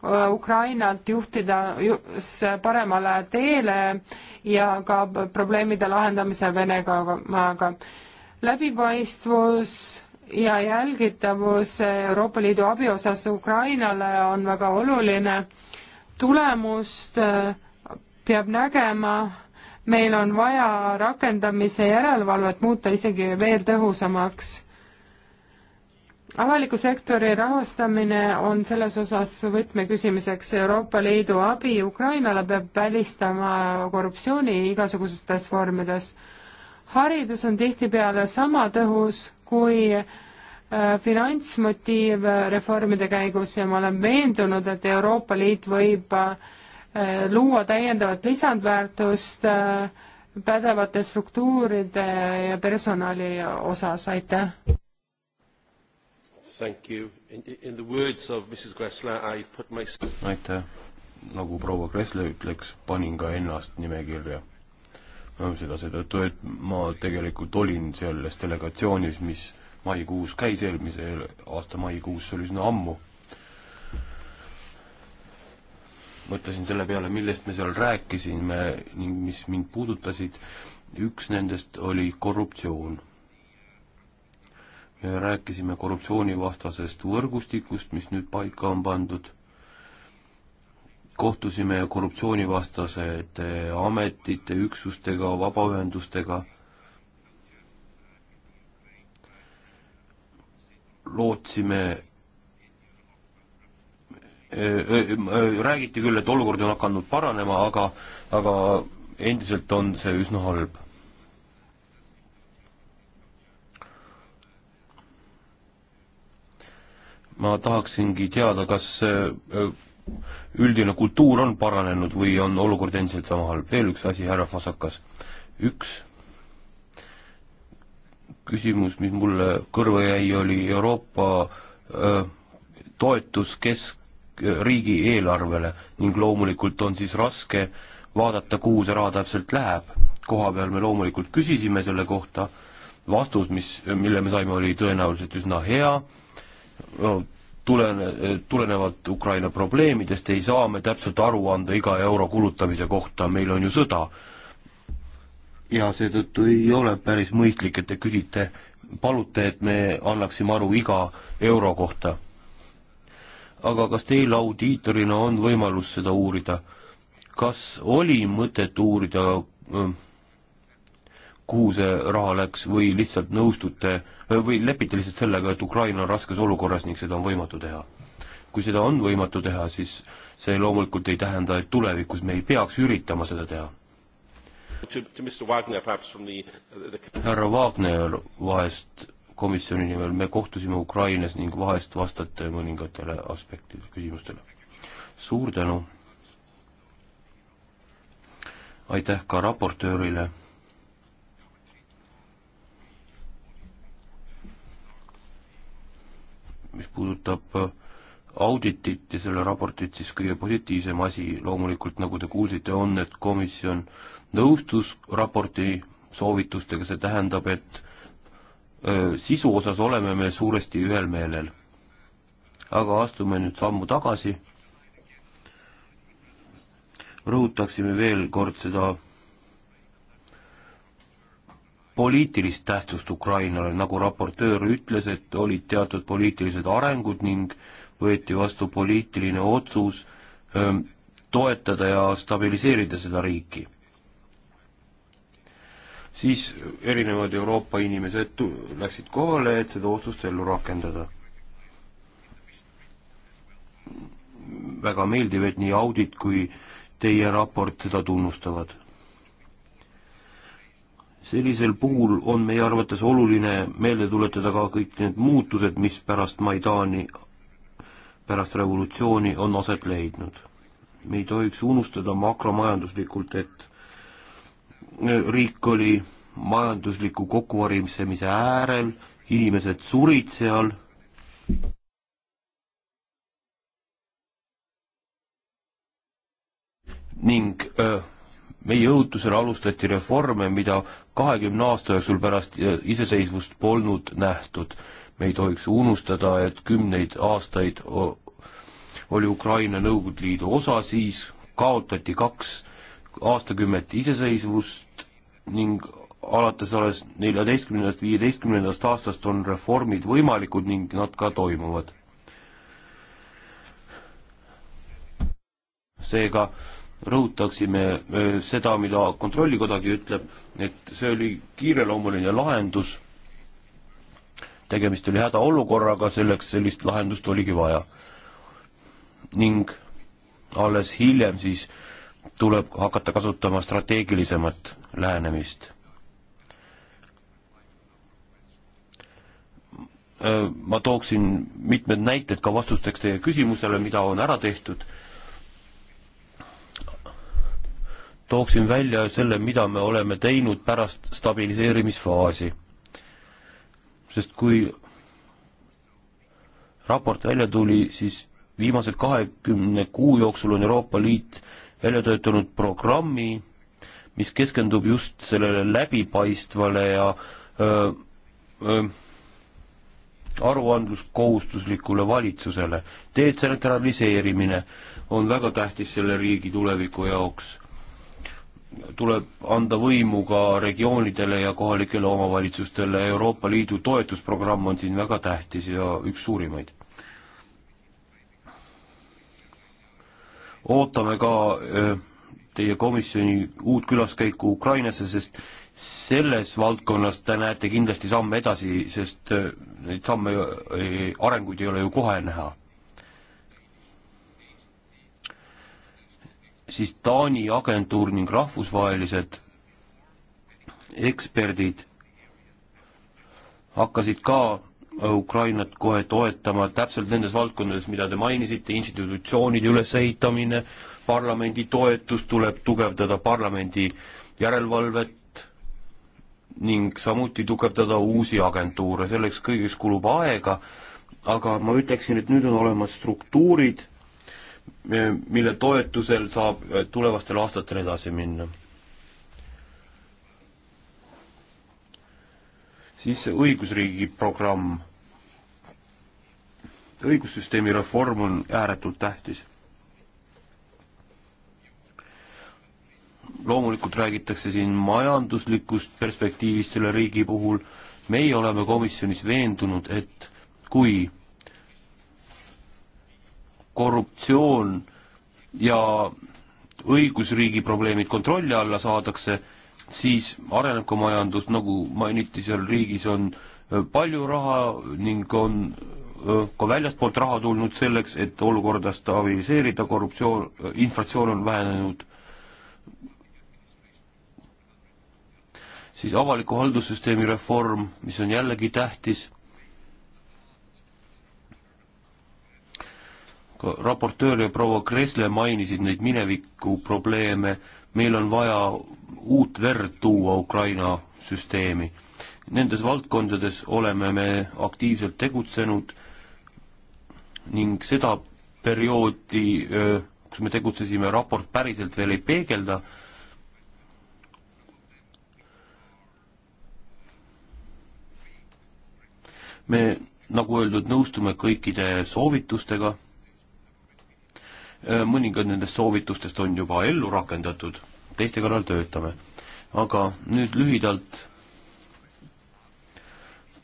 Äh, Ukrainalt juhtida paremale teele ja ka probleemide lahendamise Venemaaga. läbipaistvus ja jälgitavus Euroopa Liidu abi osas Ukrainale on väga oluline. tulemust äh, peab nägema, meil on vaja rakendamise järelevalvet muuta isegi veel tõhusamaks avaliku sektori rahastamine on selles osas võtmeküsimiseks. Euroopa Liidu abi Ukrainale peab välistama korruptsiooni igasugustes vormides. haridus on tihtipeale sama tõhus kui äh, finantsmotiiv reformide käigus ja ma olen veendunud, et Euroopa Liit võib äh, luua täiendavat lisandväärtust äh, pädevate struktuuride ja personali osas, aitäh! thank you. In, in the words of Mrs Gressler, I put my aitäh, nagu proua Gressler ütleks, panin ka ennast nimekirja. seda seetõttu, et ma tegelikult olin selles delegatsioonis, mis maikuus käis, eelmise aasta maikuus, see oli üsna ammu. mõtlesin selle peale, millest me seal rääkisime ning mis mind puudutasid. üks nendest oli korruptsioon rääkisime korruptsioonivastasest võrgustikust, mis nüüd paika on pandud, kohtusime korruptsioonivastasete ametite, üksustega, vabaühendustega, lootsime e, e, e, räägiti küll, et olukord on hakanud paranema, aga, aga endiselt on see üsna halb ma tahaksingi teada, kas äh, üldine kultuur on paranenud või on olukord endiselt sama halb. veel üks asi, härra Fasakas. üks küsimus, mis mulle kõrva jäi, oli Euroopa öö, äh, toetus kesk, riigieelarvele ning loomulikult on siis raske vaadata, kuhu see raha täpselt läheb. koha peal me loomulikult küsisime selle kohta, vastus, mis, mille me saime, oli tõenäoliselt üsna hea tulene, tulenevad Ukraina probleemidest, ei saa me täpselt aru anda iga euro kulutamise kohta, meil on ju sõda. ja seetõttu ei ole päris mõistlik, et te küsite, palute, et me annaksime aru iga euro kohta. aga kas teil audiitorina on võimalus seda uurida? kas oli mõtet uurida, kuhu see raha läks või lihtsalt nõustute äh, või lepite lihtsalt sellega, et Ukraina on raskes olukorras ning seda on võimatu teha? kui seda on võimatu teha, siis see loomulikult ei tähenda, et tulevikus me ei peaks üritama seda teha. härra Wagner vahest komisjoni nimel, me kohtusime Ukrainas ning vahest vastate mõningatele aspektidele, küsimustele. suur tänu! aitäh ka raportöörile mis puudutab äh, auditit ja selle raportit, siis kõige positiivsem asi loomulikult, nagu te kuulsite, on, et komisjon nõustus raporti soovitustega, see tähendab, et öö, äh, sisu osas oleme me suuresti ühel meelel. aga astume nüüd sammu tagasi, rõhutaksime veel kord seda poliitilist tähtsust Ukrainale, nagu raportöör ütles, et olid teatud poliitilised arengud ning võeti vastu poliitiline otsus öö, ähm, toetada ja stabiliseerida seda riiki. siis erinevad Euroopa inimesed läksid kohale, et seda otsust ellu rakendada. väga meeldiv, et nii audit kui teie raport seda tunnustavad sellisel puhul on meie arvates oluline meelde tuletada ka kõik need muutused, mis pärast Maidani, pärast revolutsiooni on aset leidnud. me ei tohiks unustada makromajanduslikult, et äh, riik oli majandusliku kokkuvarisemise äärel, inimesed surid seal, ning öö, äh, meie õhutusel alustati reforme, mida kahekümne aasta jooksul pärast iseseisvust polnud nähtud. me ei tohiks unustada, et kümneid aastaid oli Ukraina Nõukogude Liidu osa, siis kaotati kaks aastakümmet iseseisvust ning alates alles neljateistkümnendast, viieteistkümnendast aastast on reformid võimalikud ning nad ka toimuvad. seega rõhutaksime äh, seda, mida Kontrollikodagi ütleb, et see oli kiireloomuline lahendus, tegemist oli hädaolukorraga, selleks sellist lahendust oligi vaja. ning alles hiljem siis tuleb hakata kasutama strateegilisemat lähenemist. Äh, ma tooksin mitmed näited ka vastusteks teie küsimusele, mida on ära tehtud tooksin välja selle, mida me oleme teinud pärast stabiliseerimisfaasi. sest kui raport välja tuli, siis viimase kahekümne kuu jooksul on Euroopa Liit välja töötanud programmi, mis keskendub just sellele läbipaistvale ja öö, öö, aruandluskohustuslikule valitsusele. detsentraliseerimine on väga tähtis selle riigi tuleviku jaoks tuleb anda võimu ka regioonidele ja kohalikele omavalitsustele, Euroopa Liidu toetusprogramm on siin väga tähtis ja üks suurimaid. ootame ka eh, teie komisjoni uut külaskäiku Ukrainasse, sest selles valdkonnas te näete kindlasti samme edasi, sest eh, neid samme, eh, arenguid ei ole ju kohe näha siis Taani agentuur ning rahvusvahelised eksperdid hakkasid ka Ukrainat kohe toetama täpselt nendes valdkondades, mida te mainisite, institutsioonide ülesehitamine, parlamendi toetus, tuleb tugevdada parlamendi järelevalvet ning samuti tugevdada uusi agentuure, selleks kõigeks kulub aega, aga ma ütleksin, et nüüd on olemas struktuurid mille toetusel saab äh, tulevastel aastatel edasi minna. siis see õigusriigi programm. õigussüsteemi reform on ääretult tähtis. loomulikult räägitakse siin majanduslikust perspektiivist selle riigi puhul, meie oleme komisjonis veendunud, et kui korruptsioon ja õigusriigi probleemid kontrolli alla saadakse, siis areneb ka majandus, nagu mainiti, seal riigis on äh, palju raha ning on äh, ka väljastpoolt raha tulnud selleks, et olukorda stabiliseerida, korruptsioon, äh, inflatsioon on vähenenud. siis avaliku haldussüsteemi reform, mis on jällegi tähtis raportöör ja proua Kresle mainisid neid mineviku probleeme, meil on vaja uut verd tuua Ukraina süsteemi. Nendes valdkondades oleme me aktiivselt tegutsenud ning seda perioodi, kus me tegutsesime, raport päriselt veel ei peegelda, me, nagu öeldud, nõustume kõikide soovitustega Äh, mõningad nendest soovitustest on juba ellu rakendatud, teiste kallal töötame. aga nüüd lühidalt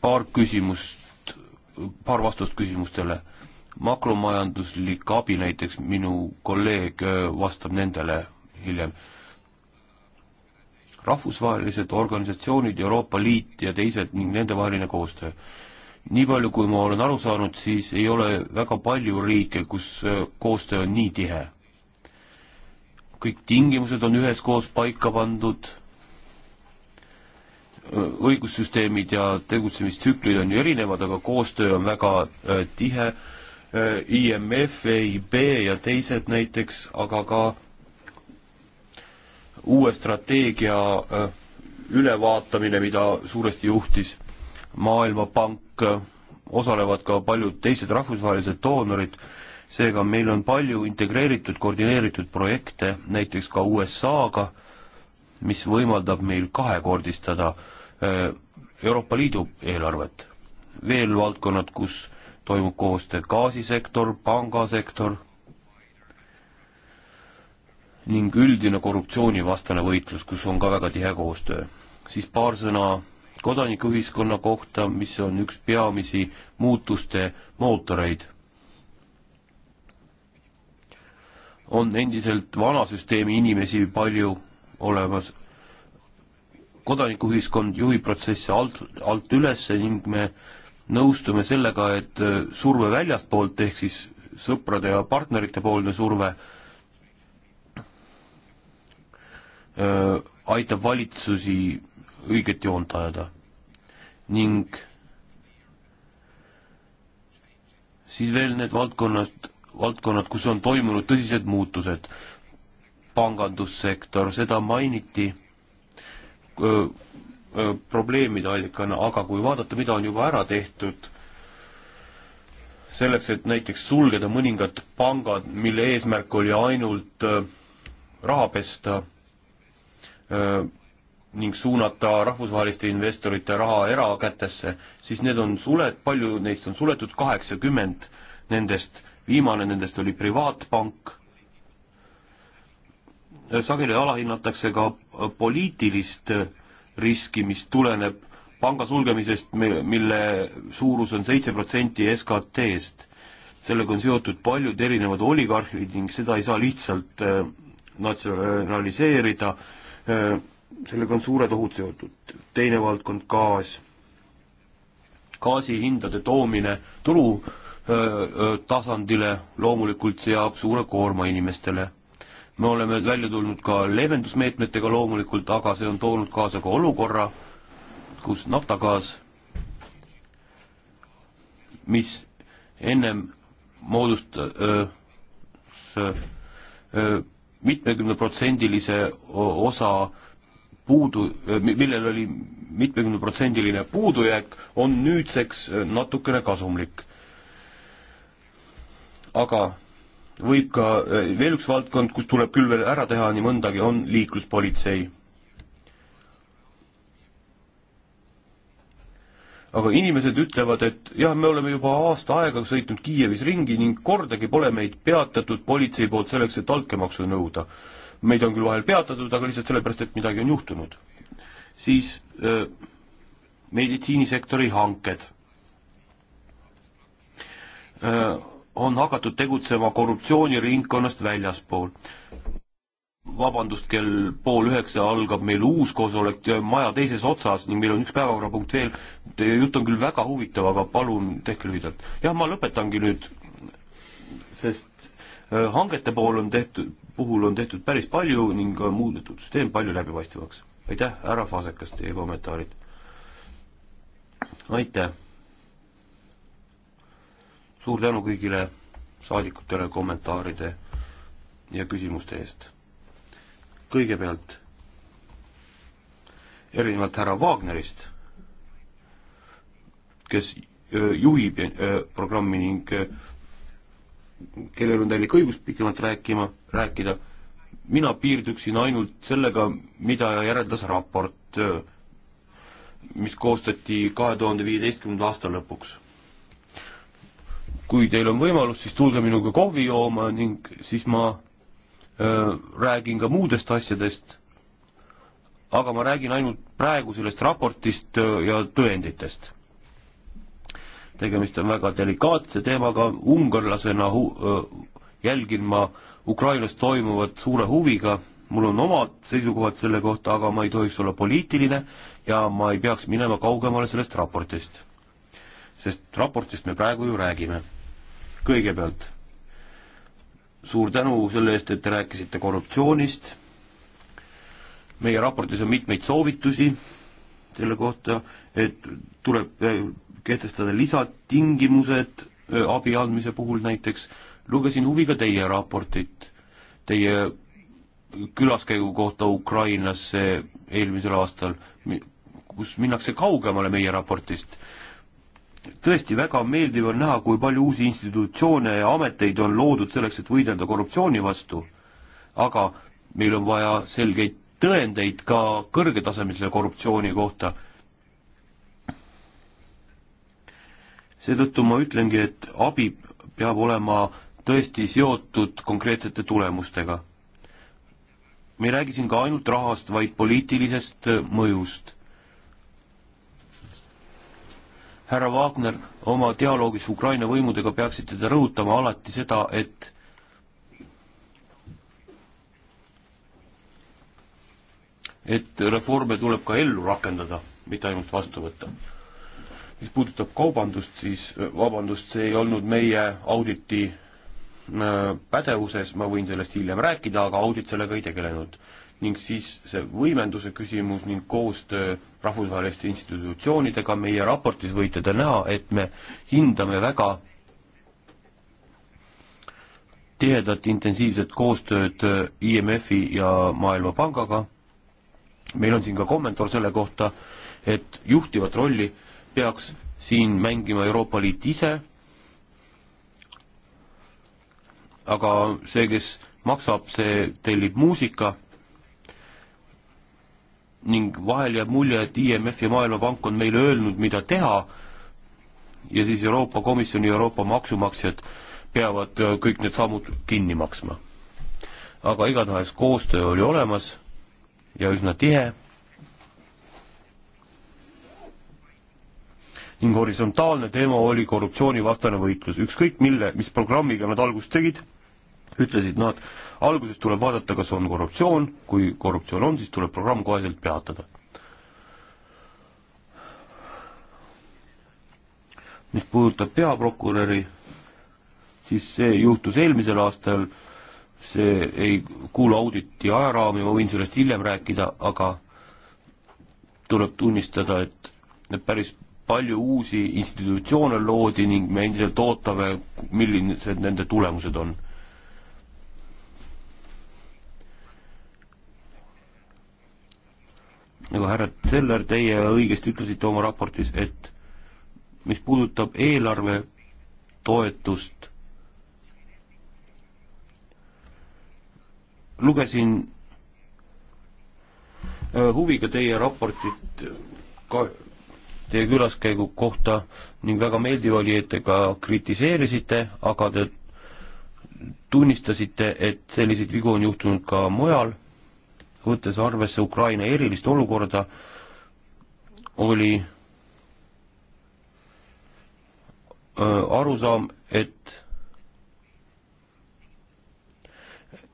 paar küsimust, paar vastust küsimustele. makromajanduslik abi näiteks, minu kolleeg äh, vastab nendele hiljem. rahvusvahelised organisatsioonid, Euroopa Liit ja teised ning nendevaheline koostöö nii palju, kui ma olen aru saanud, siis ei ole väga palju riike, kus äh, koostöö on nii tihe. kõik tingimused on üheskoos paika pandud, äh, õigussüsteemid ja tegutsemistsüklid on ju erinevad, aga koostöö on väga äh, tihe, IMF, EIB ja teised näiteks, aga ka uue strateegia ülevaatamine, mida suuresti juhtis Maailmapank, osalevad ka paljud teised rahvusvahelised doonorid, seega meil on palju integreeritud, koordineeritud projekte, näiteks ka USA-ga, mis võimaldab meil kahekordistada äh, Euroopa Liidu eelarvet. veel valdkonnad, kus toimub koostöö gaasisektor, pangasektor ning üldine korruptsioonivastane võitlus, kus on ka väga tihe koostöö. siis paar sõna kodanikuühiskonna kohta, mis on üks peamisi muutuste mootoreid. on endiselt vana süsteemi inimesi palju olemas. kodanikuühiskond juhib protsesse alt, alt üles ning me nõustume sellega, et surve väljastpoolt ehk siis sõprade ja partnerite poolne surve öö, äh, aitab valitsusi õiget joont ajada. ning siis veel need valdkonnad, valdkonnad, kus on toimunud tõsised muutused. pangandussektor, seda mainiti öö, öö, probleemide allikana, aga kui vaadata, mida on juba ära tehtud, selleks, et näiteks sulgeda mõningad pangad, mille eesmärk oli ainult öö, raha pesta, ning suunata rahvusvaheliste investorite raha erakätesse, siis need on sule-, palju neist on suletud, kaheksakümmend nendest, viimane nendest oli privaatpank, sageli alahinnatakse ka poliitilist riski, mis tuleneb panga sulgemisest, mille suurus on seitse protsenti SKT-st. sellega on seotud paljud erinevad oligarhid ning seda ei saa lihtsalt äh, natsionaliseerida äh, sellega on suured ohud seotud. teine valdkond, gaas. gaasi hindade toomine turu öö, tasandile loomulikult seab suure koorma inimestele. me oleme välja tulnud ka leevendusmeetmetega loomulikult, aga see on toonud kaasa ka olukorra, kus naftagaas, mis ennem moodust- öö, öö, mitmekümneprotsendilise osa öö, puudu, millel oli mitmekümneprotsendiline puudujääk, on nüüdseks äh, natukene kasumlik. aga võib ka, äh, veel üks valdkond, kus tuleb küll veel ära teha nii mõndagi, on liikluspolitsei. aga inimesed ütlevad, et jah, me oleme juba aasta aega sõitnud Kiievis ringi ning kordagi pole meid peatatud politsei poolt selleks, et altkäemaksu nõuda meid on küll vahel peatatud, aga lihtsalt sellepärast, et midagi on juhtunud. siis öö, äh, meditsiinisektori hanked. Äh, on hakatud tegutsema korruptsiooniringkonnast väljaspool. vabandust, kell pool üheksa algab meil uus koosolek maja teises otsas ning meil on üks päevakorrapunkt veel. Teie jutt on küll väga huvitav, aga palun tehke lühidalt. jah, ma lõpetangi nüüd, sest äh, hangete pool on tehtud, puhul on tehtud päris palju ning on muudetud süsteem palju läbipaistvamaks. aitäh, härra Fasekas, teie kommentaarid. aitäh. suur tänu kõigile saadikutele kommentaaride ja küsimuste eest. kõigepealt erinevalt härra Wagnerist, kes äh, juhib äh, programmi ning äh, kellel on täielik õigus pikemalt rääkima, rääkida, mina piirduksin ainult sellega, mida järeldas raport, mis koostati kahe tuhande viieteistkümnenda aasta lõpuks. kui teil on võimalus, siis tulge minuga kohvi jooma ning siis ma öö, räägin ka muudest asjadest, aga ma räägin ainult praegu sellest raportist öö, ja tõenditest tegemist on väga delikaatse teemaga, ungarlasena hu-, jälgin ma Ukrainas toimuvat suure huviga, mul on omad seisukohad selle kohta, aga ma ei tohiks olla poliitiline ja ma ei peaks minema kaugemale sellest raportist. sest raportist me praegu ju räägime. kõigepealt suur tänu selle eest, et te rääkisite korruptsioonist, meie raportis on mitmeid soovitusi selle kohta, et tuleb eh, kehtestada lisatingimused eh, abi andmise puhul näiteks, lugesin huviga teie raportit, teie külaskäigu kohta Ukrainasse eelmisel aastal, kus minnakse kaugemale meie raportist. tõesti väga meeldiv on näha, kui palju uusi institutsioone ja ameteid on loodud selleks, et võidelda korruptsiooni vastu, aga meil on vaja selgeid tõendeid ka kõrgetasemelisele korruptsiooni kohta seetõttu ma ütlengi, et abi peab olema tõesti seotud konkreetsete tulemustega. me ei räägi siin ka ainult rahast, vaid poliitilisest mõjust. härra Wagner, oma dialoogis Ukraina võimudega peaksite te rõhutama alati seda, et et reforme tuleb ka ellu rakendada, mitte ainult vastu võtta mis puudutab kaubandust, siis äh, vabandust, see ei olnud meie auditi äh, pädevuses, ma võin sellest hiljem rääkida, aga audit sellega ei tegelenud. ning siis see võimenduse küsimus ning koostöö rahvusvaheliste institutsioonidega, meie raportis võite te näha, et me hindame väga tihedat intensiivset koostööd äh, IMF-i ja Maailmapangaga, meil on siin ka kommentaar selle kohta, et juhtivat rolli äh, peaks siin mängima Euroopa Liit ise, aga see, kes maksab, see tellib muusika ning vahel jääb mulje, et IMF ja Maailmapank on meile öelnud, mida teha, ja siis Euroopa Komisjon ja Euroopa maksumaksjad peavad äh, kõik need sammud kinni maksma. aga igatahes koostöö oli olemas ja üsna tihe ning horisontaalne teema oli korruptsioonivastane võitlus, ükskõik mille, mis programmiga nad algust tegid, ütlesid nad, alguses tuleb vaadata, kas on korruptsioon, kui korruptsioon on, siis tuleb programm koheselt peatada. mis puudutab peaprokuröri, siis see juhtus eelmisel aastal, see ei kuulu auditi ajaraami, ma võin sellest hiljem rääkida, aga tuleb tunnistada, et need päris palju uusi institutsioone loodi ning me endiselt ootame, millised nende tulemused on. nagu härra Zeller, teie õigesti ütlesite oma raportis, et mis puudutab eelarve toetust, lugesin äh, huviga teie raportit ka teie külaskäigu kohta ning väga meeldiv oli, et te ka kritiseerisite, aga te tunnistasite, et selliseid vigu on juhtunud ka mujal, võttes arvesse Ukraina erilist olukorda, oli arusaam, et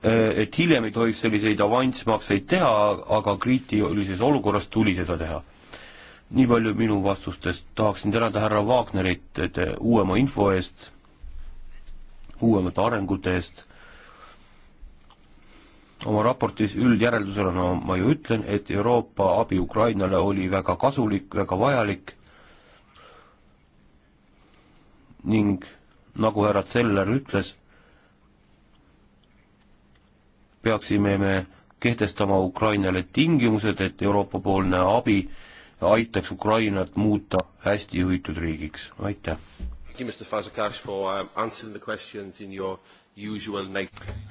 et hiljem ei tohiks selliseid avansmakseid teha, aga kriitilises olukorras tuli seda teha nii palju minu vastustest, tahaksin tänada härra Wagnerit uuema info eest, uuemate arengute eest. oma raportis üldjäreldusena no, ma ju ütlen, et Euroopa abi Ukrainale oli väga kasulik, väga vajalik ning nagu härra Zeller ütles, peaksime me kehtestama Ukrainale tingimused, et Euroopa-poolne abi äh, aitaks Ukrainat muuta hästi juhitud riigiks, aitäh! Um,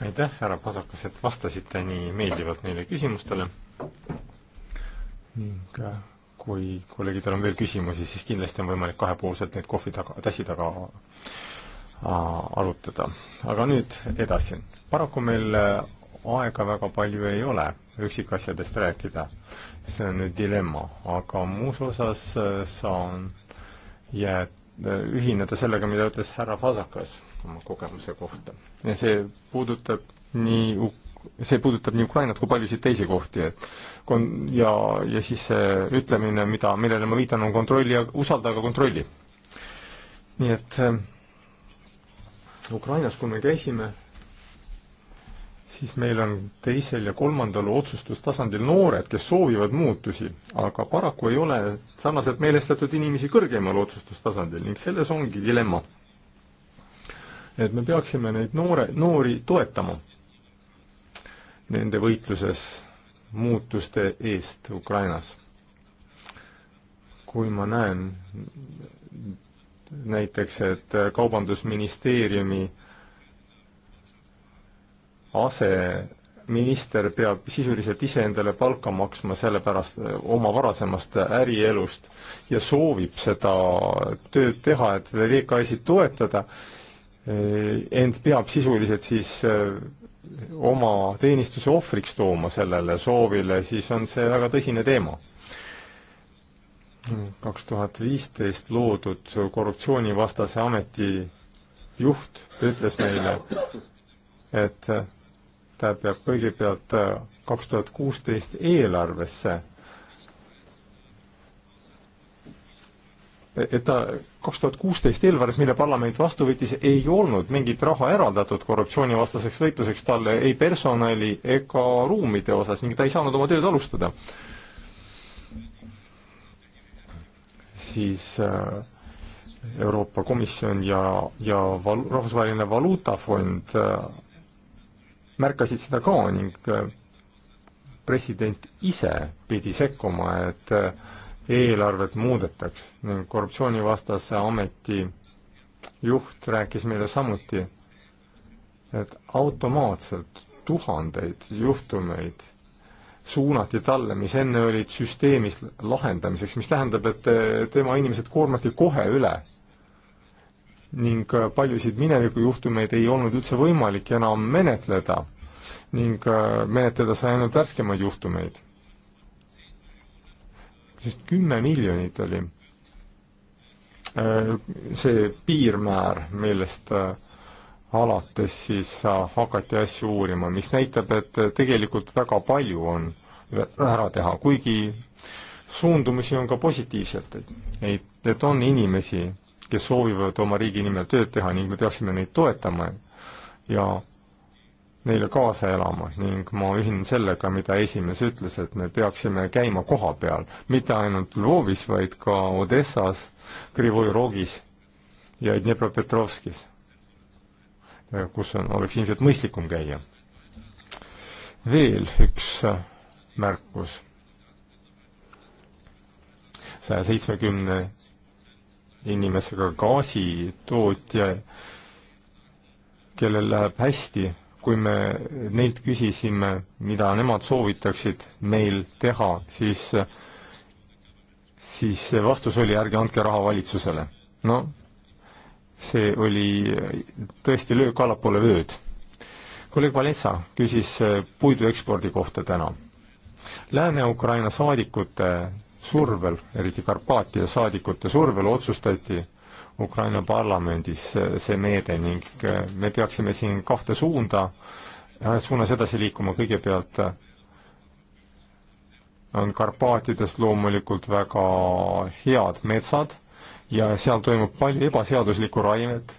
aitäh, härra Pasakas, et vastasite nii meeldivalt neile küsimustele ning äh, kui kolleegidel on veel küsimusi, siis kindlasti on võimalik kahepoolselt neid kohvi taga, tassi taga äh, arutada. aga nüüd edasi. paraku meil äh, aega väga palju ei ole üksikasjadest rääkida. see on nüüd dilemma, aga muus osas äh, saan jää-, äh, ühineda sellega, mida ütles härra Fasakas oma kogemuse kohta. ja see puudutab nii see puudutab nii Ukrainat kui paljusid teisi kohti, et kon-, ja, ja siis see ütlemine, mida, millele ma viitan, on kontrolli ja usalda, aga kontrolli. nii et äh, Ukrainas, kui me käisime, siis meil on teisel ja kolmandal otsustustasandil noored, kes soovivad muutusi, aga paraku ei ole sarnaselt meelestatud inimesi kõrgemal otsustustasandil ning selles ongi dilemma. et me peaksime neid noore, noori toetama nende võitluses muutuste eest Ukrainas. kui ma näen näiteks, et Kaubandusministeeriumi äh, aseminister peab sisuliselt iseendale palka maksma sellepärast eh, oma varasemast eh, ärielust ja soovib seda tööd teha, et VKS-i toetada, eh, ent peab sisuliselt siis oma teenistuse ohvriks tooma sellele soovile, siis on see väga tõsine teema kaks tuhat viisteist loodud korruptsioonivastase ameti juht ütles meile, et ta peab kõigepealt äh, kaks tuhat kuusteist eelarvesse, e-, et ta kaks tuhat kuusteist eelarves, mille parlament vastu võttis, ei olnud mingit raha eraldatud korruptsioonivastaseks võitluseks talle ei personali ega ruumide osas ning ta ei saanud oma tööd alustada. siis äh, Euroopa Komisjon ja, ja val-, Rahvusvaheline Valuutafond äh, märkasid seda ka ning äh, president ise pidi sekkuma, et äh, eelarvet muudetaks ning korruptsioonivastase ameti juht rääkis meile samuti, et automaatselt tuhandeid juhtumeid suunati talle, mis enne olid süsteemis lahendamiseks, mis tähendab, et äh, tema inimesed koormati kohe üle ning äh, paljusid minevikujuhtumeid ei olnud üldse võimalik enam menetleda ning äh, menetleda sai ainult värskemaid juhtumeid. sest kümme miljonit oli äh, see piirmäär, millest alates siis hakati asju uurima, mis näitab, et tegelikult väga palju on ära teha, kuigi suundumusi on ka positiivselt, et, et on inimesi, kes soovivad oma riigi nimel tööd teha ning me peaksime neid toetama ja neile kaasa elama ning ma ühinen sellega, mida esimees ütles, et me peaksime käima koha peal, mitte ainult Lvovis, vaid ka Odessas, Krivoi Rogis ja Dnepropetrovskis, kus on, oleks ilmselt mõistlikum käia. veel üks märkus. saja seitsmekümne inimesega gaasitootja, kellel läheb hästi, kui me neilt küsisime, mida nemad soovitaksid meil teha, siis, siis vastus oli, ärge andke raha valitsusele. no see oli tõesti löök allapoole vööd. kolleeg Valensa küsis puidu ekspordi kohta täna. Lääne-Ukraina saadikute survel, eriti Karpaatia saadikute survel otsustati Ukraina parlamendis see meede ning äh, me peaksime siin kahte suunda, suunas edasi liikuma, kõigepealt äh, on Karpaatides loomulikult väga head metsad ja seal toimub palju ebaseaduslikku rainet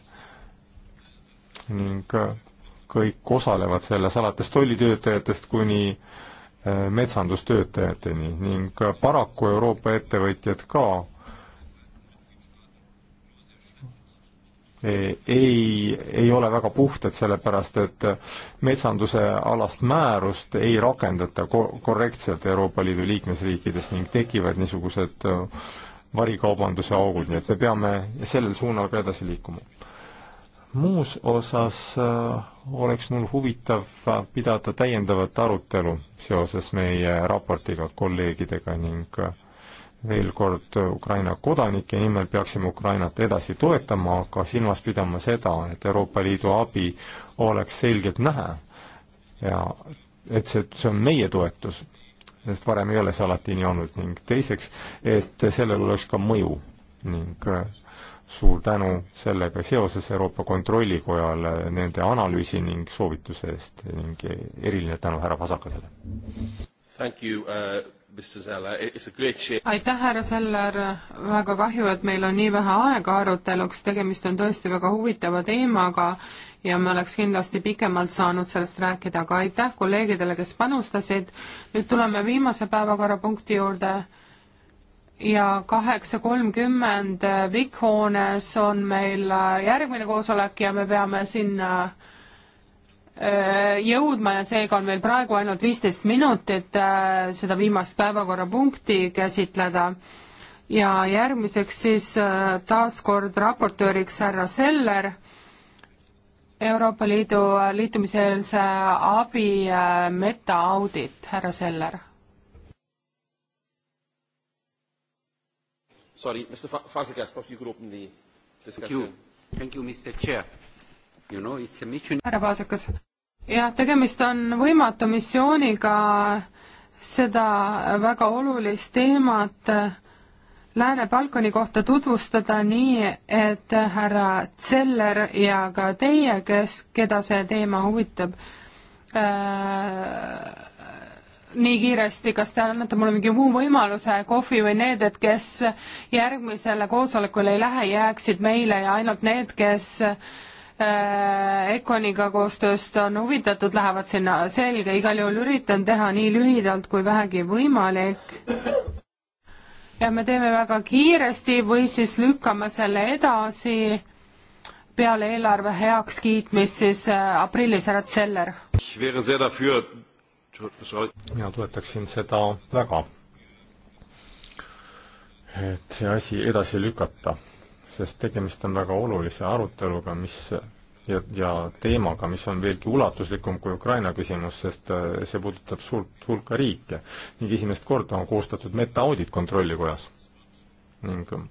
ning äh, kõik osalevad selles, alates tollitöötajatest kuni äh, metsandustöötajateni ning paraku Euroopa ettevõtjad ka ei, ei ole väga puhtad, sellepärast et metsanduse alast määrust ei rakendata ko-, korrektselt Euroopa Liidu liikmesriikides ning tekivad niisugused varikaubanduse augud, nii et me peame sellel suunal ka edasi liikuma. muus osas äh, oleks mul huvitav pidada täiendavat arutelu seoses meie raportiga kolleegidega ning veel kord Ukraina kodanike nimel peaksime Ukrainat edasi toetama, aga silmas pidama seda, et Euroopa Liidu abi oleks selgelt näha ja et see, see on meie toetus, sest varem ei ole see alati nii olnud ning teiseks, et sellel oleks ka mõju ning äh, suur tänu sellega seoses Euroopa Kontrollikojale nende analüüsi ning soovituse eest ning eriline tänu härra Vasakasele. Uh, aitäh, härra Seller, väga kahju, et meil on nii vähe aega aruteluks, tegemist on tõesti väga huvitava teemaga ja me oleks kindlasti pikemalt saanud sellest rääkida, aga aitäh kolleegidele, kes panustasid. nüüd tuleme viimase päevakorrapunkti juurde ja kaheksa kolmkümmend Vikhoones on meil äh, järgmine koosolek ja me peame sinna äh, jõudma ja seega on meil praegu ainult viisteist minutit äh, seda viimast päevakorrapunkti käsitleda. ja järgmiseks siis taaskord raportööriks härra Seller Euroopa Liidu liitumiseelse abi metaaudit, härra Seller Sorry, Mr. Fazekas, perhaps you could open the discussion. Thank you, Thank you Mr. Chair. You know, it's a mission. härra Fazekas. jah, tegemist on võimatu missiooniga seda väga olulist teemat Lääne-Balkani kohta tutvustada nii, et härra Zeller ja ka teie, kes, keda see teema huvitab äh,, nii kiiresti, kas te annate mulle mingi muu võimaluse, kohvi või need, et kes järgmisele koosolekule ei lähe, jääksid meile ja ainult need, kes äh, Econiga koostööst on huvitatud, lähevad sinna, selge, igal juhul üritan teha nii lühidalt kui vähegi võimalik. ja me teeme väga kiiresti või siis lükkame selle edasi peale eelarve heakskiitmist siis äh, aprillis, härra Zeller mina toetaksin seda väga, et see asi edasi lükata, sest tegemist on väga olulise aruteluga, mis ja, ja teemaga, mis on veelgi ulatuslikum kui Ukraina küsimus, sest äh, see puudutab suurt hulka riike ning esimest korda on koostatud metaaudit Kontrollikojas ning äh,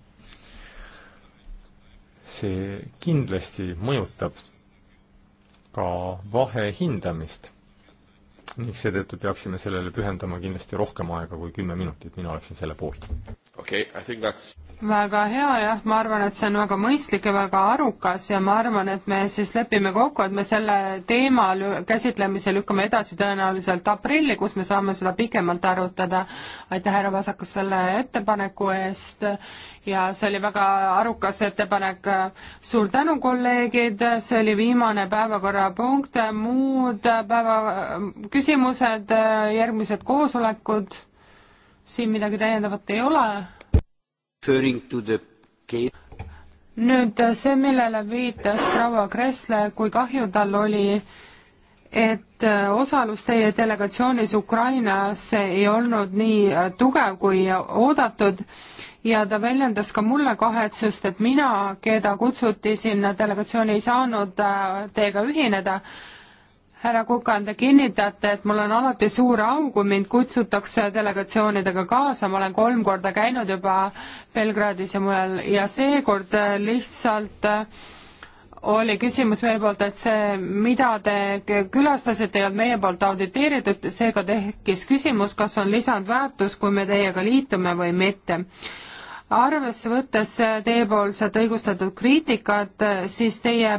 see kindlasti mõjutab ka vahe hindamist ning seetõttu peaksime sellele pühendama kindlasti rohkem aega kui kümme minutit, mina oleksin selle poolt. okei okay,, I think that's väga hea, jah, ma arvan, et see on väga mõistlik ja väga arukas ja ma arvan, et me siis lepime kokku, et me selle teema käsitlemise lükkame edasi tõenäoliselt aprilli, kus me saame seda pikemalt arutada. aitäh, härra Vasakas, selle ettepaneku eest ja see oli väga arukas ettepanek. suur tänu, kolleegid, see oli viimane päevakorrapunkt, muud päeva, küsimused, järgmised koosolekud, siin midagi täiendavat ei ole nüüd see, millele viitas proua Kressle, kui kahju tal oli, et äh, osalus teie delegatsioonis Ukrainas ei olnud nii äh, tugev kui oodatud ja ta väljendas ka mulle kahetsust, et mina, keda kutsuti sinna delegatsiooni, ei saanud äh, teiega ühineda härra Kukan, te kinnitate, et mul on alati suur au, kui mind kutsutakse delegatsioonidega kaasa, ma olen kolm korda käinud juba Belgradis ja mujal ja seekord lihtsalt äh, oli küsimus meie poolt, et see, mida te külastasite, ei olnud meie poolt auditeeritud, seega tekkis küsimus, kas on lisandväärtus, kui me teiega liitume või mitte arvesse võttes teiepoolset õigustatud kriitikat, siis teie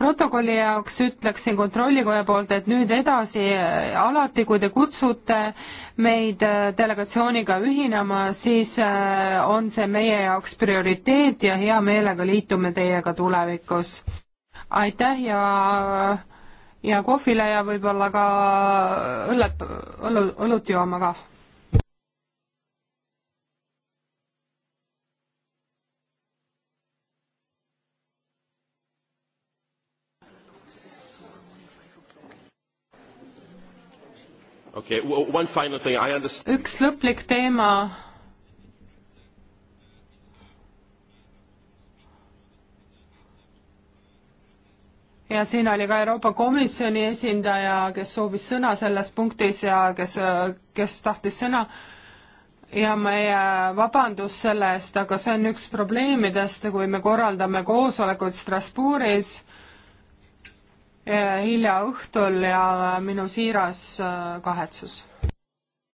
protokolli jaoks ütleksin Kontrollikoja poolt, et nüüd edasi äh, alati, kui te kutsute meid äh, delegatsiooniga ühinema, siis äh, on see meie jaoks prioriteet ja hea meelega liitume teiega tulevikus. aitäh ja ja kohvile ja võib-olla ka õllet, õlu, õlut jooma ka. okay,. üks lõplik teema. ja siin oli ka Euroopa Komisjoni esindaja, kes soovis sõna selles punktis ja kes, kes tahtis sõna ja meie vabandus selle eest, aga see on üks probleemidest, kui me korraldame koosolekuid Strasbourgis Eh, hilja õhtul ja minu siiras eh, kahetsus